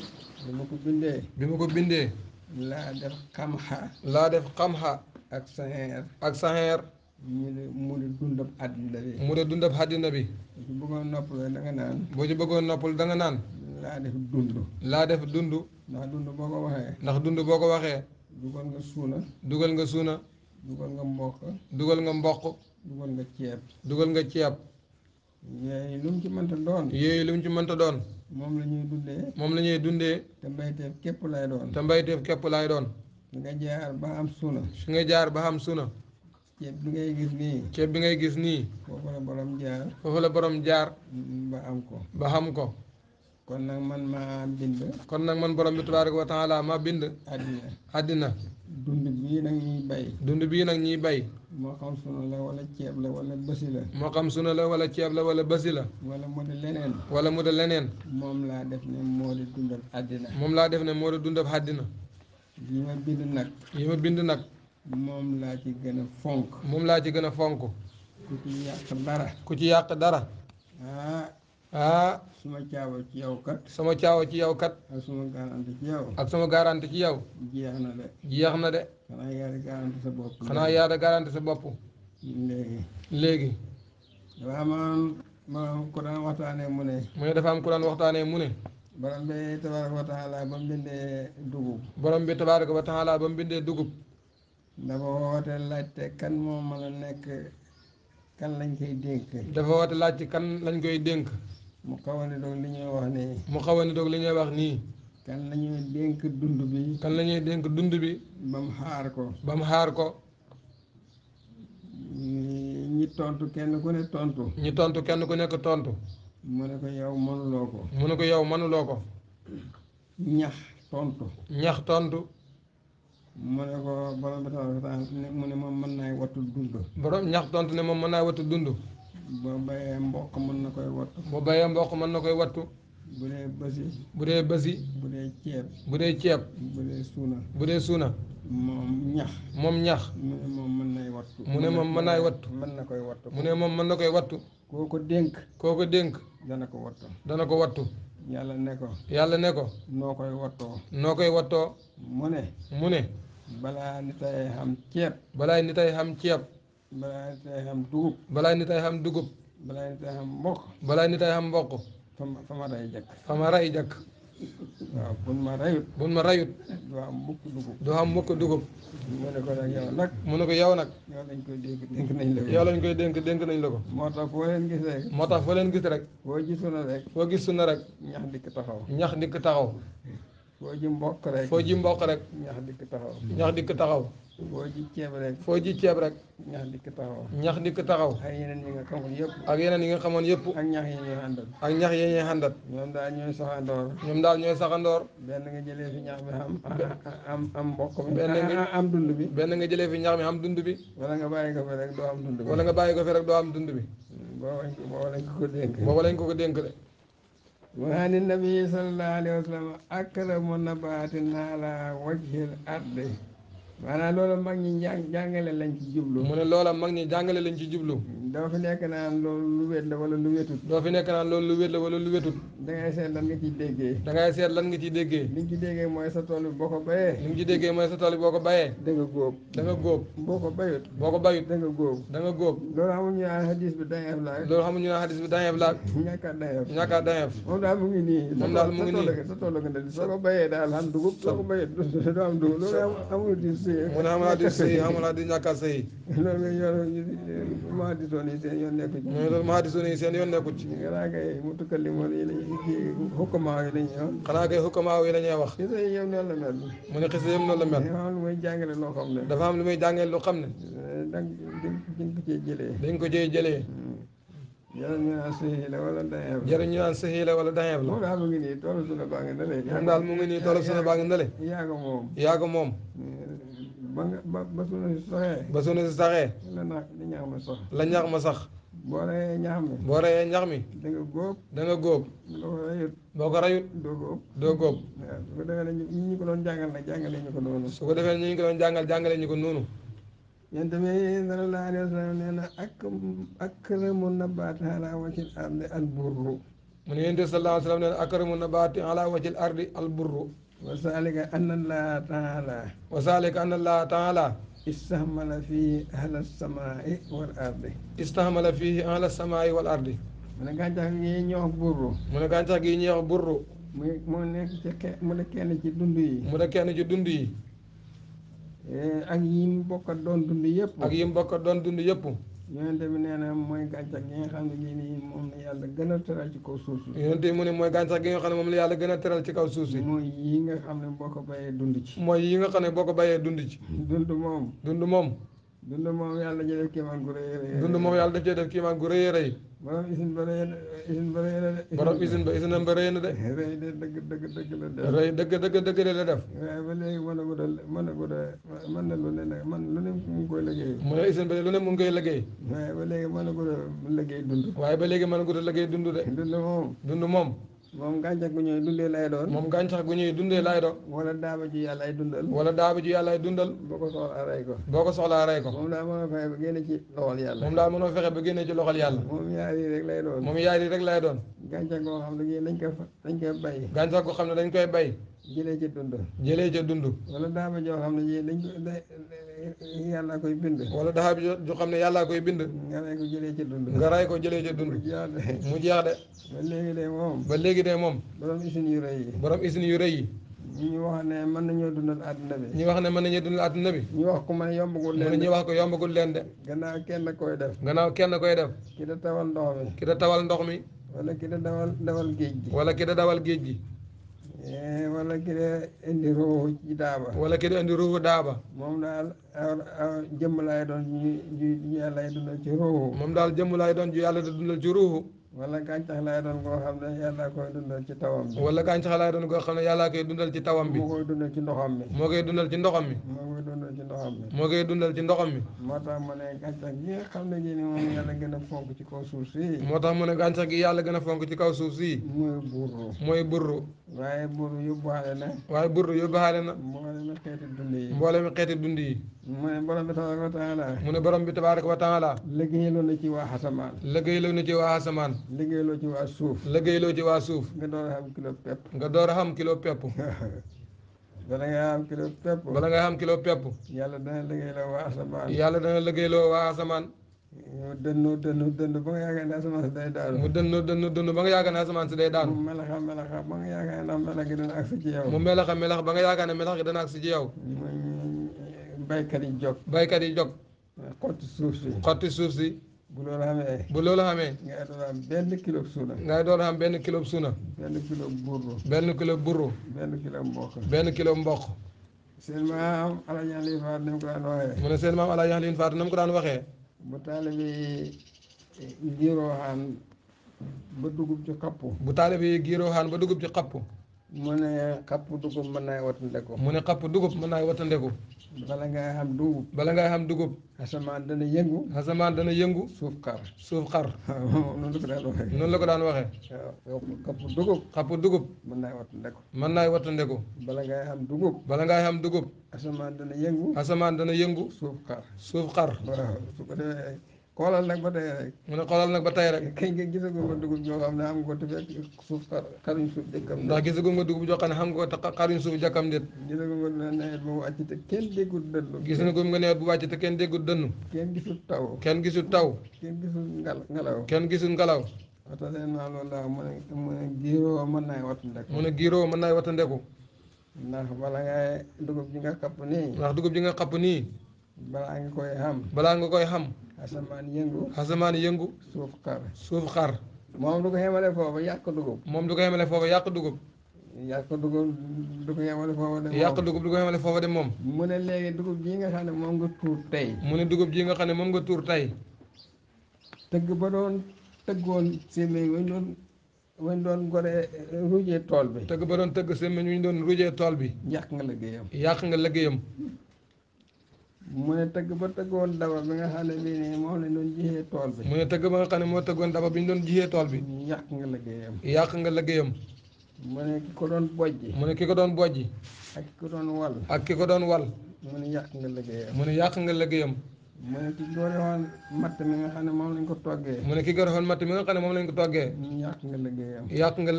bi ma ko bindee bi ma ko bindee laa def xam-xa laa def xam-xa ak saxeer ak saxeer ñu ne mu ne dundab àddina bi. mu dund dundab àddina bi. boo ci bëggoon noppal da nga naan. boo ci bëggoon noppal da nga naan. laa def dund. laa def dund. ndax dund boo ko waxee. ndax dund boo ko waxee. dugal nga suuna. dugal nga suuna. dugal nga mboq. dugal nga mboq. dugal ceeb. dugal nga ceeb. yooyu lu mu ci mënta doon. yooyu lu mu ci mënta doon. moom la ñuy dundee. moom la ñuy dundee. te mbayteef képp lay doon. te mbayteef képp lay doon. fi nga jaar ba am suuna. su nga jaar ba am suuna. ceeb bi ngay gis nii. ceeb bi ngay gis nii. foofu la borom jaar. foofu la borom jaar. ba am ko. ba xam ko. kon nag man maa bind. kon nag man borom bi tabaaraka wa taala maa bind. àddina àddina. dund bii nag ñuy bay. dund bii nag ñuy bay. moo xam sunu la wala ceeb la wala basi la. moo xam sunu la wala ceeb la wala basi la. wala mu de leneen. wala mu de leneen. moom laa def ne moo di dundal àddina. moom laa def ne moo di dundal àddina. yi ma bind nag. yi ma bind nag. moom laa ci gën a fonk. moom laa ci gën a fonk. ku ci yàq dara. ku ci yàq dara. ah. ah. suma caawa ci yow kat. sama caawa ci yow kat. ak suma garanti ci yow. sama garanti ci yow. jeex na de. jeex na de. xanaa yaa da garanti sa bopp. xanaa yaa da garanti léegi. léegi. dafa amoon ma ku daan waxtaanee mu ne. mu ne dafa am ku daan waxtaanee mu ne. borom bi tabaaraka wa taala ba mu bindee dugub. borom bi tabaaraka wa taala ba mu bindee dugub. dafa woote laajte kan moo mën a nekk kan lañ koy dénk dafa laaj laajte kan lañ koy dénk mu xaw a li ñuy wax nii mu xaw a ne doog li ñuy wax nii kan lañuy dénk dund bi kan lañuy dénk dund bi ba mu xaar ko ba mu xaar ko ñi tontu kenn ku ne tontu ñi tontu kenn ku nekk tontu mu ne ko yow mënuloo ko mu ne ko yow mënuloo ko ñax tontu ñax tontu mu ne ko borom bi mu ne moom mën naay wattu dund borom ñax tontu ne moom mën naay wattu dund boo béyee mboq mën na koy wattu boo béyee mboq mën na koy wattu bu dee basi bu dee basi bu dee ceeb bu dee ceeb suuna bu dee suuna moom ñax moom ñax mu ne moom mën naay wattu mu ne moom mën naay wattu mën na koy wattu mu ne moom mën na koy wattu koo ko dénk koo ko dénk dana ko wattu dana ko wattu yàlla ne yàlla ne ko noo koy wattoo noo koy wattoo mu ne mu ne balaa nit ay xam ceeb. balaa nit ay xam ceeb. balaa nit ay xam dugub. balaa nit ay xam dugub. balaa nit ay xam mboq. balaa nit ay xam mboq. fa ma fa ma ray jakk. fa ma ray jakk. waaw bun ma ma rayut. doo am dugub. doo am mukk dugub. mu ne ko nag yow nag. mu ne ko yow nag. yow lañ koy dénk dénk nañ la ko. yow lañ koy dénk dénk nañ la ko. moo tax foo leen gis rek. moo tax foo leen gis rek. foo gisu na rek. foo gisu na rek. ñax dikk taxaw. ñax dikk taxaw. foo ji mboq rek ji mboq rek. ñax dikk taxaw ñax dikk taxaw. ji ceeb rek. foo ji ceeb rek. ñax dikk taxaw. ñax dikk taxaw. ak yeneen yi nga xamoon yëpp. ak yeneen yi nga xamoon yëpp. ak ñax yi ñuy àndal. ak ñax yi ñuy àndal. ñoom daal ñooy saxandoor. ñoom daal ñooy saxandoor. benn nga jëlee fi ñax mi am. am am mboq mi. benn nga dund bi. benn nga jëlee fi ñax mi am dund bi. wala nga bàyyi ko fi rek doo am dund bi. wala nga bàyyi ko fi rek doo am dund bi. booba lañ ko ko dénk. booba lañ ko ko dénk وعن النبي صلى الله عليه وسلم أكرم نبات على وجه الأرض maanaam loola mag ñi jàngale lañ ci jublu mu ne loola mag ñi jàngale lañ ci jublu doo fi nekk naan loolu lu wét la wala lu wétut doo fi nekk naan loolu lu wét la wala lu wétut da ngay seet lan nga ciy déggee da ngay seet lan nga ciy déggee li ci déggee mooy sa tool bi boo ko bayee li nga ci déggee mooy sa tool bi boo ko bayee da nga góob da nga góob boo ko bayut boo ko bayut da nga góob da nga góob loolu xamuñu naan hadis bi dañeef la loolu xamuñu naan hadis bi dañeef la ñàkkaa dañeef ñàkkaa dañeef moom mu nii moom daal mu ngi nii sa sa tool nga soo bayee daal am dugub soo ko bayee doo sëy mu ne amalaat di sëy amalaat di ñàkk a sëy loolu yoon ma hadisoon yi seen yoon nekku ci loolu ma hadisoon yi seen yoon nekku ci xanaa kay mu tukkal li moon yi lañ xukkamaaw yi lañuy wax xanaa kay xukkamaaw yi lañuy wax xisa yi yëpp noonu la mel mu ne xisa yëpp noonu la mel dafa am lu may jàngale loo xam ne dafa am lu may jàngale loo xam ne dang dañ ko cee jëlee dañ ko cee jëlee jërëjëf hmm. ñu naan sëy la wala dayeeb la jërëjëf ñu naan sëy la wala dayeeb la moom daal mu ngi nii toolu sunu baa ngi ndale moom daal mu ngi nii toolu sunu baa ngi ndale yaa ko moom yaa ko moom hmm. ba nga ba ba suuna si saxee. ba suuna si saxee. la ñax ma sax. la ñax ma sax. boo reyee ñax mi. boo ñax mi. da nga góob. da góob. boo ko rayut. boo ko rayut. doo góob. doo góob. waaw su ko defee nag ñi ñu ko doon jàngal jàngale ñu ko noonu. su ko defee ñi ñu jàngal jàngale ko noonu. yéen tamit sallallahu alayhi wa na ak akramu nabaati ala wajhil ardi al burru. mu ne yéen tamit sallallahu alayhi wa sallam nee na akramu nabaati ardi al burru. wa zalika anna allaha taala wa zalika anna allaha taala istahmala fihi ahla samai wal ardi istahmala fihi ahla samai wal ardi mu ne gàncax gi ñuy wax burru mu ne gàncax gi ñuy wax burru mu mu nekk ne kenn ci dund yi mu ne kenn ci dund yi eh, ak yi mu bokk doon dund yëpp ak yi mu bokk doon dund yëpp yonente bi nee na mooy gàncax gi nga xam ne gii nii moom la yàlla gën a teral ci kaw suuf si yonente bi mu ne mooy gàncax gi nga xam ne moom la yàlla gën a teral ci kaw suuf si mooy yi nga xam ne boo ko bayee dund ci mooy yi nga xam ne boo ko bayee dund ci dund moom dund moom dund moom yàlla da cee def kiimaan gu rëy rëy dund moom yàlla da cee def kiimaan gu rëy rëy borom usine ba rëy ba rëy de borom usine ba usine ba rëy na de de dëgg dëgg dëgg la def rëy dëgg dëgg la def waaye ba léegi mën na ko doon mën na ko doon lu ne nag man lu ne mu ngi koy liggéey mu ne usine ba lu ne mu ngi koy liggéey waaye dund waaye ba léegi mën na ko doon liggéey dund de dund moom dund moom moom gàncax gu ñuy dundee lay doon moom gàncax gu ñuy dundee lay doon wala daaba ji yàlla ay dundal wala daaba ji yàlla ay dundal boo ko soxlaa a ko boo rey ko moom daa mënoo fexe ba génne ci loxol yàlla moom daa mënoo fexe ba génne ci loxol yàlla moom yaar rek lay doon moom yaar yi gàncax goo xam ne dañ dañ koy bay gàncax goo xam ne dañ koy bay jëlee ca dund jëlee ca dund wala daaba joo xam ne ji dañ ko yàlla koy bind wala daxa bi ju xam ne yàllaa koy bind nga ray ko jëlee ci dund nga ray ko jëlee ci dund mu jeex de ba léegi de moom ba léegi de moom borom usine yu rëy yi usine yu rëy yi ñu wax ne mën nañoo dundal àdduna bi ñu wax ne mën nañoo dundal àdduna bi ñu wax ko man yombagul leen ñu wax ko yombagul leen de gannaaw kenn koy def gannaaw kenn koy def ki da tawal ndox mi ki da tawal ndox mi wala ki da dawal dawal géej gi wala ki da dawal géej gi Eh, walla kede indi roho ci daaba walla kede andi roho daaba moom daal jëmm laay doon ju yàlla y dundal ci roho moom daal jëmm laay doon ju yàlla da dundal ci roho walla gàncax laay doon koo xam ne yàlla koy dundal ci tawam bi walla gàncax laay doon ko xam ne yàlla koy dundal ci tawam bi moo koy dundal ci ndoxam mi moo koy dundal ci ndoxam mi dundal ci moo koy dundal ci ndoxam mi. moo tax mu ne gàncax gi xam ne ni moom yàlla gën a fonk ci kaw suuf si. moo tax mu ne gàncax gi yàlla gën a fonk ci kaw suuf si. mooy burru. mooy burru. waaye burru yóbbaale na. waaye burru yóbbaale na. mboolem xeeti dund yi. mboolem xeeti dund yi. mu ne borom bi tabaaraka wa taala. mu ne borom bi tabaaraka wa taala. liggéeyloo na ci waa asamaan. liggéeyloo na ci waa asamaan. liggéeyloo ci waa suuf. liggéeyloo ci waa suuf. nga door a xam kilo pepp. nga door a xam kilo pepp. bala nga am kilo pepp. bala nga am kilo pepp. yàlla dana liggéeyloo waa asamaan. yàlla dana liggéeyloo waa asamaan. mu dënnu dënnu dënnu ba nga yaakaar ne asamaan si day daanu. mu dënnu dënnu dënnu ba nga yaakaar ne asamaan si day daanu. mu melaxa melaxa ba nga yaakaar ne melax gi dana agsi ci yow. mu melaxa melax ba nga yaakaar ne melax gi dana agsi ci yow. baykat yi jóg. baykat yi jóg. xotti suuf si. xotti suuf si. bu loolu xamee. bu loolu xamee. ngay doon am benn kilo suuna. ngay benn kilo bu benn burru. benn kilo burru. benn kilo mboq. benn kilo mboq. seen maam Alaaji Alioune Faat ni ko daan waxee. mu ne seen maam Alaaji Alioune Faat mu ko daan waxee. bu taalibe yi giiroo ba dugub ci xappu. bu taalibe yi ba dugub ci xappu. mu ne xappu dugub mën naa wattandeku. mu ne xappu dugub mën naa wattandeku. bala ngaa xam dugub. bala ngaa xam dugub. asamaan dana yëngu. asamaan dana yëngu. suuf xar. suuf xar. noonu la ko daan waxee. noonu la ko daan waxee. waaw xapp dugub. xapp dugub. mën naa wattandeku. mën naa wattandeku. bala ngaa xam dugub. bala ngaa xam dugub. asamaan dana yëngu. asamaan dana yëngu. suuf xar. suuf xar. waaw su ko defee. xoolal nag ba tey rek mu ne xoolal nag ba tey rek kañ nga gisagoo nga dugub joo xam ne xam nga ko te fekk suuf xaruñ suuf jëkkam ndax gisagoo nga dugub jox xam ne xam nga ko te xaruñ suuf jëkkam déet gisagoo nga ne nawet ba wàcc te kenn déggul dënnu gis na ko nga nawet bu wàcc te kenn déggul dënnu kenn gisul taw kenn gisul taw kenn gisul ngelaw kenn gisul ngelaw mun seen naa loolu laa mu ne mu ne giiroo mën naay wattandeku mu ne giiroo mën naay wattandeku ndax bala ngay dugub ji nga xapp nii ndax dugub ji nga xapp nii balaa nga koy xam balaa nga koy xam asamaan yëngu. yëngu. suuf xar. xar. moom du ko xamale foofu yàq dugub. moom du ko xamale foofu yàq dugub. yàq dugub du ko xamale foofu de. yàq dugub du ko xamale foofu de moom. mu ne léegi dugub ji nga xam ne moom nga tuur tey. mu ne dugub ji nga xam ne moom nga tuur tey. tëgg ba doon tëggoon sémmiñ wañ doon wañ doon eh, tool bi. tëgg ba doon tëgg sémmiñ wañ doon rujee tool bi. yàq nga liggéeyam. yàq nga liggéeyam. mu ne tëgg ba tëggoon daba bi nga xam ne bii nii moom lañ doon jiyee tool bi mu ne tëgg ba nga xam ne moo tëggoon daba bi ñu doon jiyee tool bi yàq nga liggéeyam yàq nga liggéeyam mu ne ki ko doon bojji mu ne ki ko doon bojji ak ki ko doon wal ak ki ko doon wal mu ne yàq nga liggéeyam mu ne yàq nga liggéeyam mu ne ki góore woon ko toggee mu ne ki góore woon matt ko toggee yàq nga liggéeyam yàq nga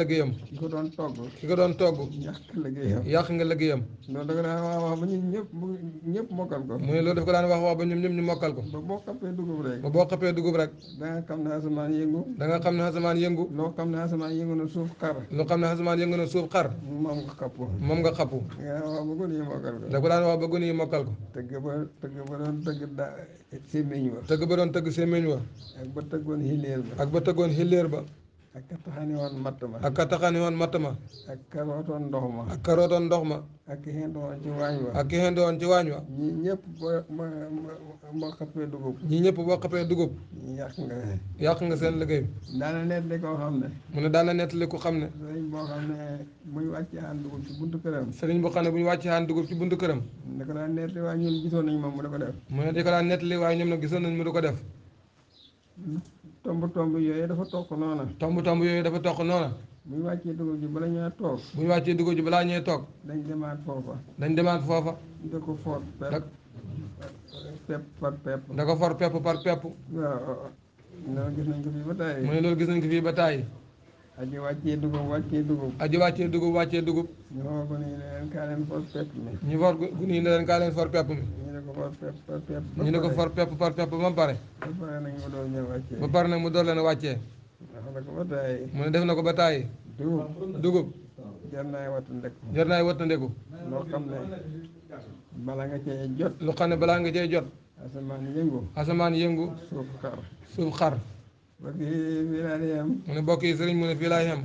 doon togg ki ko nga liggéeyam yàq nga da ko daan wax wax ba ñun ñëpp ñëpp mokkal ko mu ne loolu ko daan wax wax ba ñun ñëpp ñu mokkal ko ba boo xappee dugub rek ba boo xappee dugub rek da xam ne asamaan yëngu da xam ne asamaan yëngu loo xam ne asamaan yëngu na suuf xar loo xam ne asamaan yëngu na suuf xar moom nga xappu moom nga xappu da ko daan wax ba gone yi mokkal ko tëgg ba tëgg sémmiñ wa tëgg ba doon tëgg sémmiñ wa ba tëggoon hileer ba ak ba tëggoon hileer ba ak ka taxani woon matt ma ak ka taxani woon matt ma ak ka rootoon ndox ma ak ka rootoon ndox ma ak ki xendi woon ci waañ wa ak ki xendi woon ci waañ wa ñi ñëpp boo xëppee dugub ñi ñëpp boo xëppee dugub yàq nga yàq nga seen liggéey bi daana nettali koo xam ne mu ne daana nettali ko xam ne sëriñ boo xam ne bu ñu wàccee xaan dugub ci buntu këram sëriñ boo xam ne bu ñu wàccee xaan dugub ci buntu këram da ko daan nettali waaye ñoom gisoon nañ moom mu da ko def mu ne da ko daan nettali waaye ñoom nag gisoon nañ mu da ko def hmm? tomb tomb yooyu dafa toq noona tomb tomb yooyu dafa toq noona bu ñu wàccee dugub ji bala ñaa toog bu ñu wàccee dugub ji balaa ñee toog dañ demaat foofa dañ demaat foofa da ko for pepp pepp par pepp da ko for pepp par pepp waaw loolu gis nañ mu ne loolu gis nañ ko fii ba tàyyi aji wàccee dugub wàccee dugub aji wàccee dugub wàccee dugub ñu woo gune yi ñu for gune yi ne leen kaa leen for pepp mi ñu ne ko for pepp par pepp ñu par pepp ba pare ba pare nag mu doon leen wàccee ba pare nag mu doon leen wàccee def na ko ba ne def na ko ba tàyyi dugub dugub jar naay wattandeku jar naay wattandeku loo xam ne nga cee jot lu xam ne balaa nga cee jot asamaan yëngu asamaan yëngu suuf xar suuf xar mbokk yi fii mbokk yi sëriñ mu ne fii laa yem.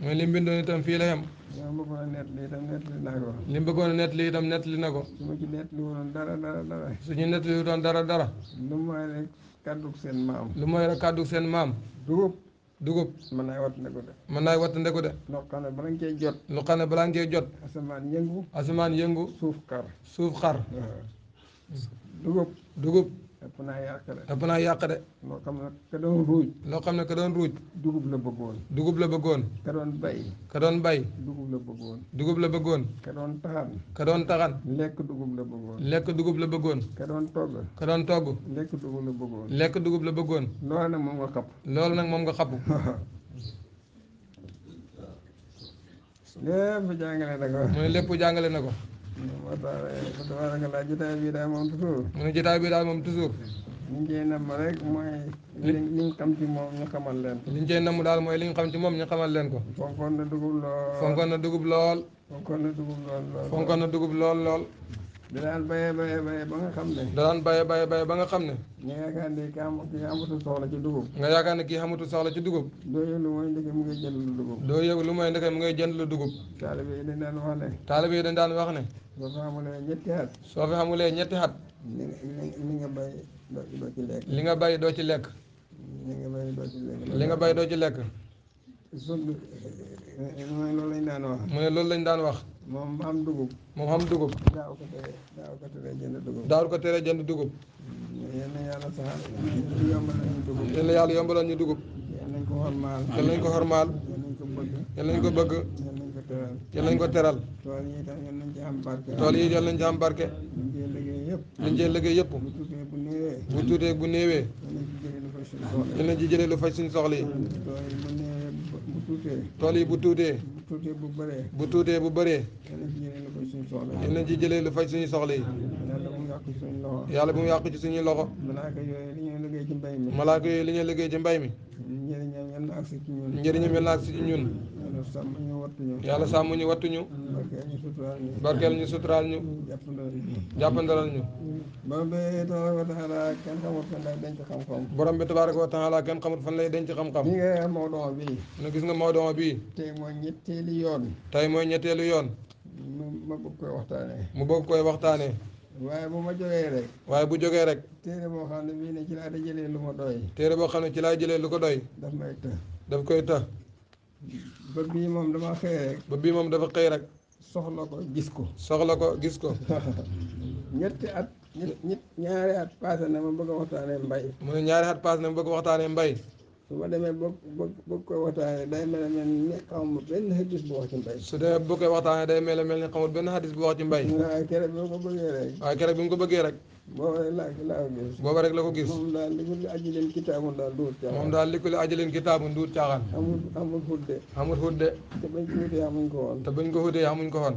li ngeen bindoon itam fii la yem. ne li mu bindoon itam li ma bëggoon itam nettali naa ko. li mu bëggoon a itam nettali na ko. su ma dara dara dara. su lu mooy rek seen maam. lu mooy rek kàddug seen maam. dugub. dugub mën naay wattandeku de mën de lu xam ne balaa jot lu xam ne balaa nga jot asamaan yëngu asamaan yëngu suuf xar suuf xar dugub dugub ëpp naa yàq de. ëpp naa yàq de. loo xam ne ka doon ruuj. loo dugub la bëggoon. dugub la bëggoon. ka doon bay. ka doon bay. dugub la bëggoon. dugub la bëggoon. ka doon taxan. ka doon taxan. lekk dugub la bëggoon. lekk dugub la bëggoon. ka doon togg. ka doon dugub la bëggoon. lekk dugub loolu nag moom nga xapp. loolu nag moom nga xapp. lépp jàngale na ko. mooy lépp jàngale na ko. moo tax fa eh, tabaarakallaa jotaay bi daal moom toujours. mu ne jotaay bi daal moom rek mooy. liñ xam ci moom ñu xamal leen ko. liñ cey namm daal mooy liñ xam ci moom ñu xamal leen ko. fonkoon na dugub lool. fonkoon na dugub lool. fonkoon na dugub lool. fonkoon na dugub lool lool. danaan baye baye baye ba nga xam ne danaan baye baye ba nga xam ne nga yaakaar ne kii amatul soxla ci dugub nga yaakaar ne kii amatul soxla ci dugub doo yëg lu mooy ndeke mu ngay jënd lu dugub doo yëg lu mooy ndeke mu dañ daan wax ne taalibe yi wax ne soo fi amulee ñetti xat soo fi amulee ñetti at li nga bay doo ci lekk li nga bay doo ci lekk li nga bay doo ci lekk li nga bay doo ci lekk loolu lañ daan wax mu ne loolu lañ daan wax moom am dugub. moom am dugub. daaw ko tere daaw ko tere jënd dugub. daaw ko tere jënd dugub. yàlla sax yombalal ñu dugub. yéen a yàlla yombalal ñu dugub. yéen nañ ko xormaal. yéen nañ ko xormaal. yéen ko bëgg. yéen nañ ko nañ ko teral. tool yi tam yéen nañ ci tool yi yéen nañ ci am barke. liñ cee liggéey yëpp. liñ cee liggéey yëpp. bu tuutee bu bu tuutee bu néewee. yéen nañ ci jëlee lu faj suñu soxla yi. tool yi bu tuutee. tuutee bu bëree. bu tuutee bu bëree. dinañ ci jëlee lu faj suñu soxla yi. yàlla bu mu yàqu ci suñuy loxo. malaaka yooyu li ñuy liggéey ci mbay mi. malaaka yooyu li ñuy liggéey ci mbay mi. njëriñam yal na agsi ci ñun. njëriñam yal ci ñun. yàlla sàmm ñu wattuñu yàlla sàmm ñu wattuñu barkeel ñu suturaal ñu barkeel ñu suturaal ñu mm, jàppandalal ñu jàppandalal ñu borom bi tabaraka wa taala kenn xamul fan lay denc xam-xam borom bi tabaraka wa taala kenn xamul a lay denc xam-xam nga Maodo bi na gis nga Maodo bi tey mooy ñetteelu yoon tey mooy ñetteelu yoon ma bëgg koy waxtaanee mu bëgg koy waxtaanee waaye bu ma jógee rek waaye bu jógee rek téere boo xam ne bii ne ci laa da jëlee lu ma doy téere boo xam ne ci laa jëlee lu ko doy daf may të daf koy të ba bii moom dama xëy rek. bii moom dafa xëy rek. soxla ko gis ko. soxla ko gis ko. ñetti at. ñett ñaari at passé na ma bëgg waxtaanee mbay. mu ne ñaari at passé na ma bëgg waxtaanee mbay. su ma demee ba bëgg koy waxtaanee day mel mel ni xamul benn hadis bu wax ci mbay. su demee bëgg waxtaanee day mel mel ni xamul benn hadis bu wax ci mbay. waaye keroog bi bi mu ko bëggee rek. booba laa laa ko gis. booba rek la ko gis. moom daal li ko li aji leen kitaabu daal duut caaxaan. moom daal li ko li aji leen kitaabu duut caaxaan. amul amul hudde. amul hudde. te bañ ko hudde amuñ ko woon. te bañ ko hudde amuñ ko woon.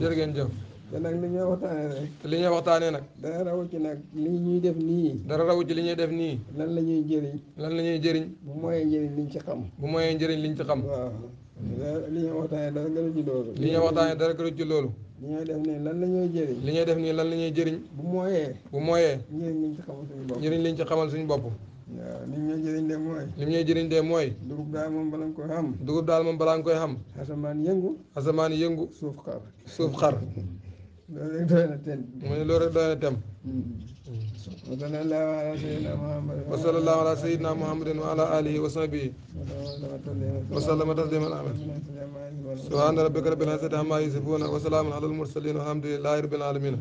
jërëjëf jërëjëf. te nag li ñuy waxtaanee rek. te li ñuy waxtaanee nag. dara rawu ci nag li ñuy def nii. dara rawu ci li ñuy def nii. lan la ñuy jëriñ. lan la ñuy jëriñ. bu mooyee njëriñ liñ ci xam. bu mooyee njëriñ liñ ci xam. waaw li ñuy waxtaanee dara gënu ci loolu. li ñuy waxtaanee dara gënu ci loolu. li ñuy def nii lan la ñuy jëriñ def nii lan la ñuy jëriñ bu mooyee bu mooyee njëriñ liñ ci xamal suñu bopp ni liñ ci xamal suñu bopp waaw jëriñ de mooy li mu jëriñ de mooy dugub daal moom balaa nga koy xam dugub daal moom balaa nga koy xam asamaan yëngu asamaan yëngu suuf xar suuf xar loolu rek doy na tem mu ne loolu rek doy na tem mm-hmm. وصلى الله على سيدنا محمد وصلى الله على سيدنا محمد وعلى آله وصحبه وسلم تسليما آمين سبحان ربك رب العزة عما يصفون وسلام على المرسلين والحمد لله رب العالمين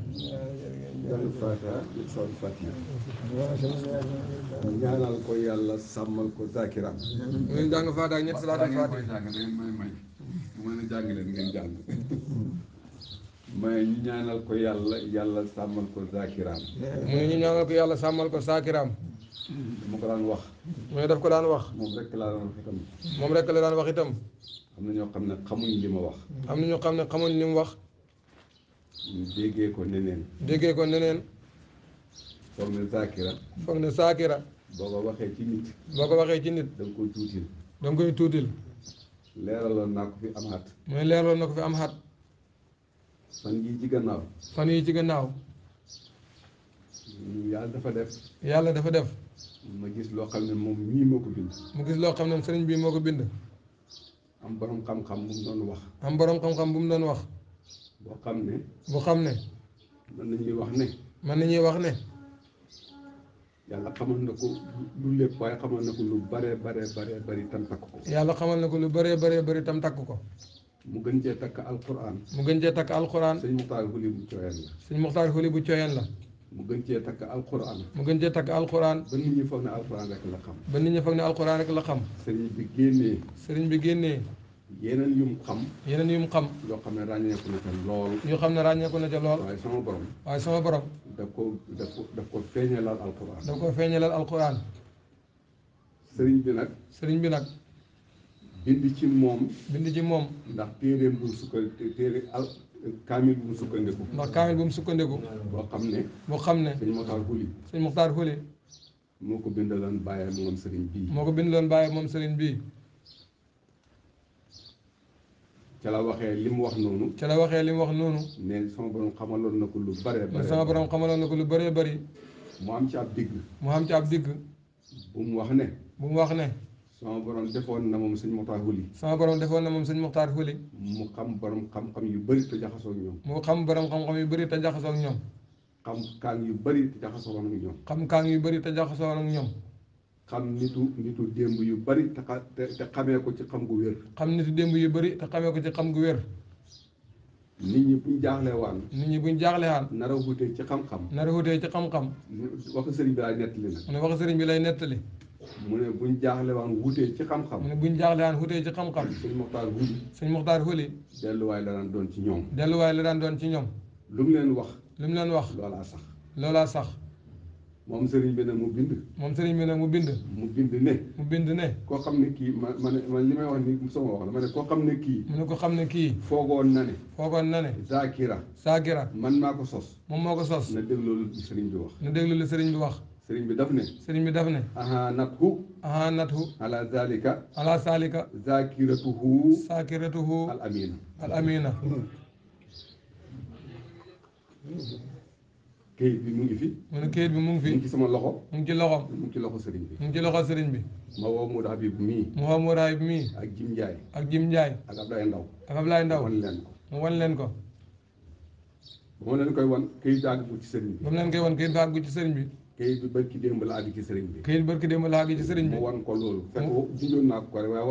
ñaanal ko yàlla sàmmal ko zakira ñu jàng faata ak ñett salaat ak faatiha may may bu ma ne jàng leen ngeen jàng ma ñu ñaanal ko yàlla yàlla sàmmal ko zaakiraam. mu ñu ñaanal ko yàlla sàmmal ko zaakiraam. dama ko daan wax. mu ne daf ko daan wax. moom rek la daan wax moom rek la daan wax itam. am na ñoo xam ne xamuñ li ma wax. am na ñoo xam ne xamuñ li mu wax. déggee ko neneen. déggee ko neneen. foog ne zaakira. foog ne zaakira. boo ko waxee ci nit. boo ko waxee ci nit. da nga koy tuutil. da koy tuutil. leeraloon naa ko fi am xat. mu ne leeraloon na ko fi am xat. fan yi ci gannaaw. fan yi ci gannaaw. Mm, yàlla dafa def. yàlla dafa def. ma gis loo xam ne moom mii moo ko bind. mu gis loo xam ne sëriñ bii moo ko bind. am boroom xam-xam bu mu doon wax. am borom xam-xam bu mu doon wax. boo xam ne. boo xam ne. mën nañuy wax ne. mën ñuy wax ne. yàlla xamal na ko lu lépp waaye xamal na ko lu bare bare bare bari tam takk ko. yàlla xamal na ko lu bare bare bari tam takk ko. mu gën cee takk alquran. mu gën cee takk alquran. sëñ Muxtaar Xuli bu cooyaan la. sëñ Muxtaar la. mu gën cee takk alquran. mu gën cee takk alquran. ba nit ñi foog ne alquran rek la xam. ba nit ñi foog ne alquran rek xam. sëriñ bi génnee. sëriñ bi génnee. yeneen yum xam. yeneen yum xam. yoo xam ne ràññeeku na ca lool. yoo xam ne ràññeeku na ca lool. waaye sama borom. waaye sama borom. daf ko daf ko daf ko feeñalal alquran. daf ko feeñalal alquran. sëriñ bi nag. sëriñ bi nag. bind ci moom. bind ci moom. ndax téere bu sukkandiku téere al kaamil bu mu sukkandiku. ndax kaamil bu mu sukkandiku. boo xam ne. boo xam ne. sëñ Moxtaar Xuli. sañ Moxtaar Xuli. moo ko bindaloon bàyyam moom bii. moo ko bindaloon bàyyam moom sëriñ bii. ca la waxee li mu wax noonu. ca la waxee li mu wax noonu. ne sama borom xamaloon na ko lu bëree bëri. sama na ko lu bëree bëri. mu am ci ab digg. mu am ci ab digg. bu mu wax ne. bu mu wax ne. sama borom defoon na moom sëñ Muxtaar Xuli sama borom defoon na moom sëñ Muxtaar Xuli mu xam borom xam-xam yu bari te jaxasoo ak ñoom xam borom xam yu bari te jaxasoo ak ñoom xam kaang yu bëri jaxasoo ak ñoom xam kaang yu bëri te jaxasoo ñoom xam nitu nitu démb yu bari te te xamee ko ci xam gu wér xam nitu démb yu bari te xamee ko ci xam gu wér nit ñi buñ jaaxlee nit ñi buñ jaaxlee waan nara wutee ci xam-xam nara wutee ci xam-xam wax sëriñ bi lay nettali nag wax sëriñ bi lay nettali mu ne buñ jaaxle waan wutee ci xam-xam mu ne buñ jaaxle waan wutee ci xam-xam suñ muxtaar huli suñ muxtaar huli delluwaay la daan doon ci ñoom delluwaay la daan doon ci ñoom lu mu leen wax lu mu leen wax loolaa sax loolaa sax moom sëriñ bi nag mu bind moom sëriñ bi nag mu bind mu bind ne mu bind ne koo xam ne kii ma ma ne man li may wax ni sama wax la ma ne koo xam ne kii mu ne ko xam ne kii foogoon na ne foogoon na ne zaakira zaakira man maa ko sos moom moo ko sos na déglu lu sëriñ bi wax na déglu lu sëriñ bi wax sëriñ bi daf ne. sëriñ bi daf ne. aha nathu. aha nathu. ala zalika. ala zalika. zakiratuhu. zakiratuhu. al amina. al amina. kayit bi mu ngi fi. mu ne kayit bi mu ngi fi. mu ngi ci sama loxo. mu ngi ci loxo. mu ngi ci loxo sëriñ bi. mu ngi ci loxo sëriñ bi. ma woo Modou Habib mii. mu woo Modou Habib mii. ak Jim Ndiaye. ak Jim Ndiaye. ak Abdoulaye Ndaw. ak Abdoulaye Ndaw wan leen ko. mu wan leen ko. ba ma leen koy wan kayit bi àggagul ci sëriñ bi. ba ma leen koy wan kayit bi àggagul ci sëriñ bi. këyit bi barki démb la àgg ci sëriñ bi këyit barki démb la àgg ci sëriñ bi mu wan ko loolu fekk junjoon naa ko ko rek waaye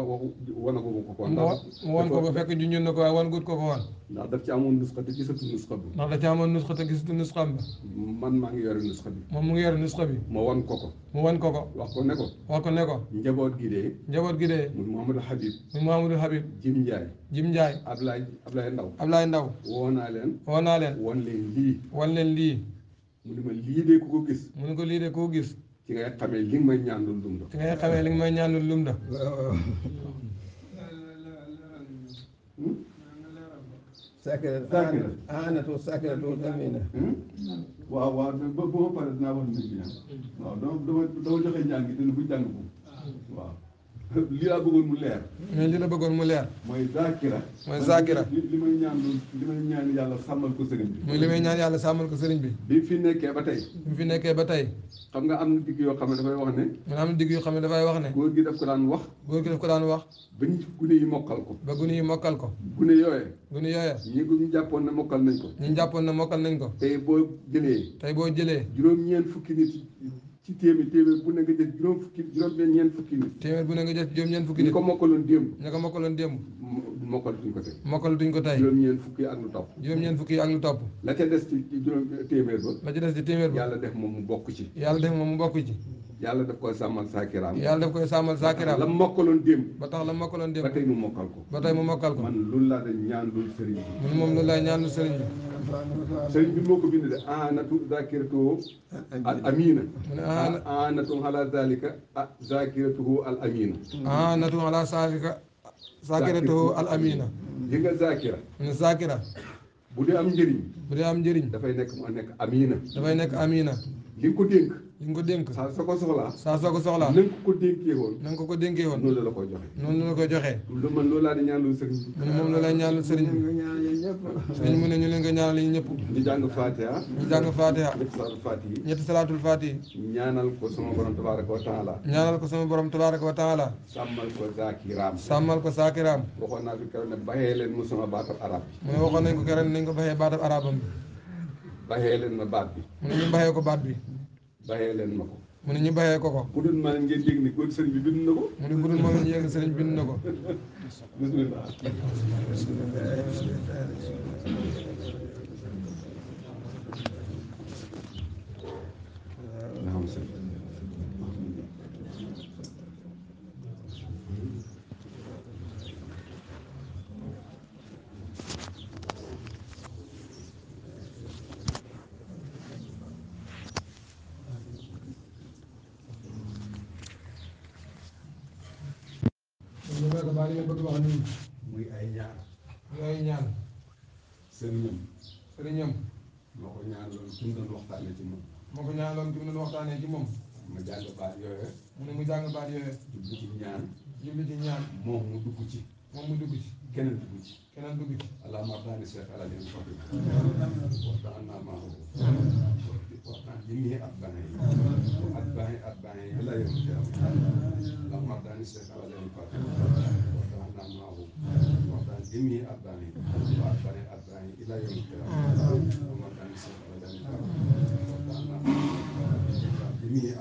wanagu ko ko mu wan ko ko fekk junjoon na ko waaye wan guut ko ko wan ndax daf ci amoon nusxa te gisatu nusxa bi ndax daf ci amoon nusxa te gisatu nusxa bi man maa ngi yore nusxa bi moom mu ngi yore nusxa bi mu wan ko ko mu wan ko ko wax ko ne ko wax ko ne ko njaboot gi dee njaboot gi dee muy Mouhamadou Habib muy Mouhamadou Habib Jim Ndiaye Jim Ndiaye Ablaye Ablaye Ndaw Ablaye Ndaw woo naa leen woo naa leen wan leen lii wan leen lii mu ne ma lii de ku ko gis. mu ne ko lii de ku ko gis. ci ngay xamee li nga may ñaanul lum da. ci ngay xamee li nga may ñaanul lum da. ساكنة ساكنة آنة ساكنة ثمينة waaw waaw ba ba pare dinaa wax nit ñi ah. waaw dama dama dama joxe njàng bu li laa bëggoon mu leer. li la bëggoon mu leer. mooy zaakira. mooy zaakira li may ñaan li ñaan yàlla sàmmal ko sëriñ bi. mooy li may ñaan yàlla sàmmal ko sëriñ bi. bi fi nekkee ba tey. bi fi nekkee ba tey. xam nga am na digg yoo xam ne dafay wax ne. man am na digg yoo xam ne dafay wax ne. góor gi daf ko daan wax. góor gi daf ko daan wax. ba ñu gune yi mokkal ko. ba gune yi mokkal ko. gune yooyee. gune yooyee. ñi ñu jàppoon ne mokkal nañ ko. ñu jàppoon ne mokkal nañ ko. tey boo jëlee. tey boo jëlee. juróom-ñeent fukki nit ci téeméer téeméer bu ne nga jël juróom fukki juróom-ñeent fukki nit. téeméer bu ne nga jël juróom-ñeent fukki nit. ñi ko mokkaloon démb. ñi ko mokkaloon démb. mokkalatuñ ko tey. mokkalatuñ ko tey. juróom-ñeent fukki ak lu topp. juróom-ñeent fukki ak lu topp. la ca des ci juróom téeméer ba. la ca des ci téeméer ba. yàlla def moom mu bokk ci. yàlla def moom mu bokk ci. yàlla daf koy sàmmal saakiraam. yàlla daf koy sàmmal saakiraam. la mokkaloon démb. ba tax la mokkaloon démb. ba tey mu mokkal ko. ba tey mu mokkal ko. man loolu laa de ñaanul sëriñ bi. man moom loolu laa ñaanul sëriñ bi. sëriñ bi moo ko bind de aanatu zakiratuhu al amina aanatu ala zalika zakiratuhu al amina aanatu ala zalika zakiratuhu al amina ji nga zakira zakira bu dee am njëriñ bu dee am njëriñ dafay nekk mu nekk amina dafay nekk amina li nga ko dénk li nga ko dénk saa soo ko soxlaa saa soo ko soxlaa na nga ko dénkee woon na nga ko ko dénkee woon noonu la ko koy joxe noonu la koy joxee lu man loolu laa di ñaanal sëriñ bi moom loolu laa ñaanal sëriñ bi sëriñ mu ne ñu leen ko ñaanal yi ñëpp ñu jàng fatiha ñu jàng ko sama borom tabaraka wa taala ñaanal ko sama borom tabaraka wa taala ko zakiraam sàmmal ko zakiraam waxoon naa fi keroog ne baxee leen mu sama baatab arab bi mu nañ ko keroog nañ ko baxee baatab arabam bi ma baat bi mu ne ñu ko baat bi bàyyee leen ma ko mu ñu bàyyee ko ko bu dul maa ngeen yëg ni góor sëriñ bi bind na ko mu ne bu dul maa ngeen yëg sëriñ na ko ñaan. sëriñam. sëriñam. moo ko ñaanaloon ki mu doon waxtaanee ci moom. moo ko ñaanaloon ki mu doon waxtaanee ci moom. mu jàng baat yooyu. mu ne mu jàng baat yooyu. jublu ci ñaan. jublu ci ñaan. moom mu dugg ci. moom mu dugg ci. keneen dugg ci. keneen dugg ci. allahumma barik Cheikh El Hadj Mouhamed. waxtaan naa maa ko. waxtaan bi ñu ngi ab baax yi. ab baax yi ab baax yi bi laa yomb a jaamu. allahumma barik Cheikh El Hadj Mouhamed. waxtaan naa maa ko. علمني أرضاني وأرضاني أرضاني إلى يوم القيامة اللهم أرضاني سيف أرضاني علمني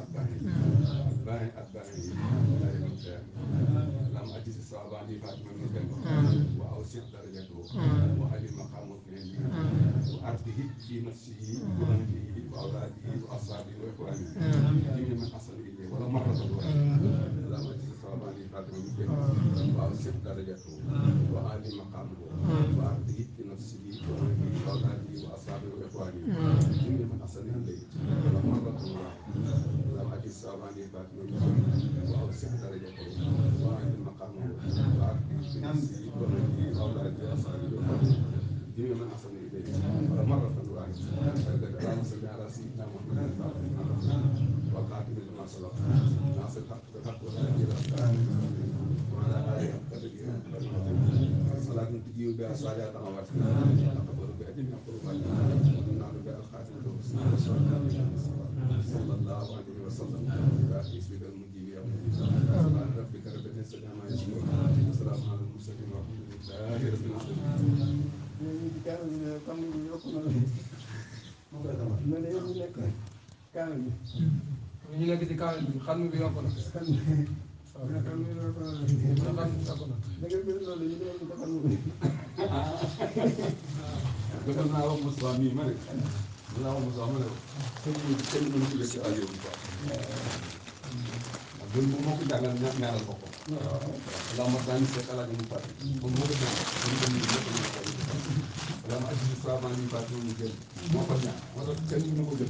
أرضاني أرضاني أرضاني إلى يوم القيامة اللهم أجز الصواب عني فاطمة من ذنبه وأوسع درجته وأعلي مقامه في علمه وأرضه في نفسه وأهله وأولاده وأصحابه وإخوانه جميع من أصل إليه ولا مرة ضروري قدره وأوسع درجته وأعلي مقامه وأرضه بنفسه وأهله وأولاده وأصحابه وإخوانه إني من أحسن إليك ومرة لم أجد ثوابني بعد وأوسع درجته وأعلي مقامه وأرضه بنفسه وأهله وأولاده وأصحابه وإخوانه إني من أحسن إليك مرة واحدة اللهم صل على سيدنا محمد وقاتل لما سبق ناصر الحق تجيب بها صالح الأموات أقبل بأجمع قربان ونعلم بالخاتم صلى الله عليه وسلم باقي سيد المجيب يا سبحان ربك رب العزة عما يصفون وسلام على المرسلين والحمد لله رب العالمين. كامل ñu ñu nekk ci kaw bi xam bi yokku na. waaw xam bi yokku na. xam bi yokku na. da ngeen gis loolu ñu nekk ci xam bi. ah. jotoon naa wax Moussa mii ma ne. dinaa wax Moussa ma ne ko. kenn mënu kenn mënu ci def ci aajo bi quoi. waaw loolu moo ko jàngal ña ñaaral ko ko. waaw balaa ma daan seet alaaka ñu fàtte. moom moo ko jàngal. dañu dem ñu nekk ñu fàtte. balaa ma agir saa maa ngi fàtte ñu jël. moo ko ñaan moo tax kenn mënu ko jël.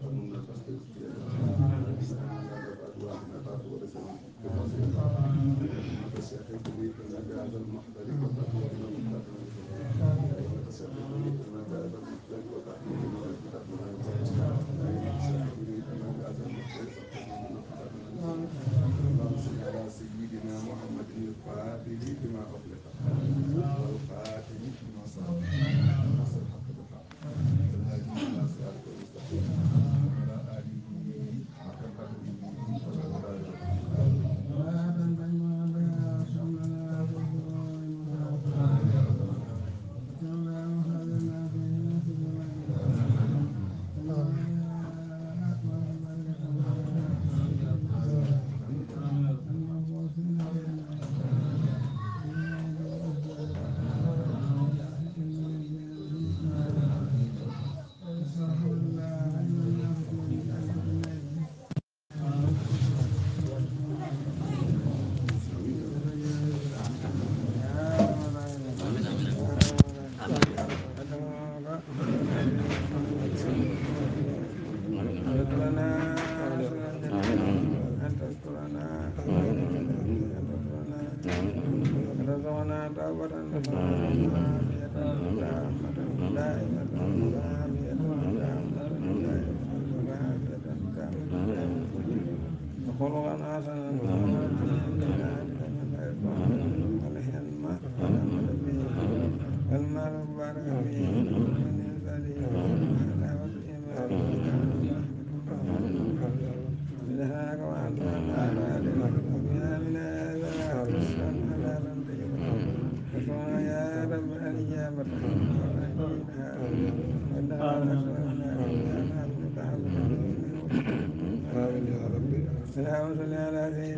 بهذا المحضر وتقوى وصل على سيدنا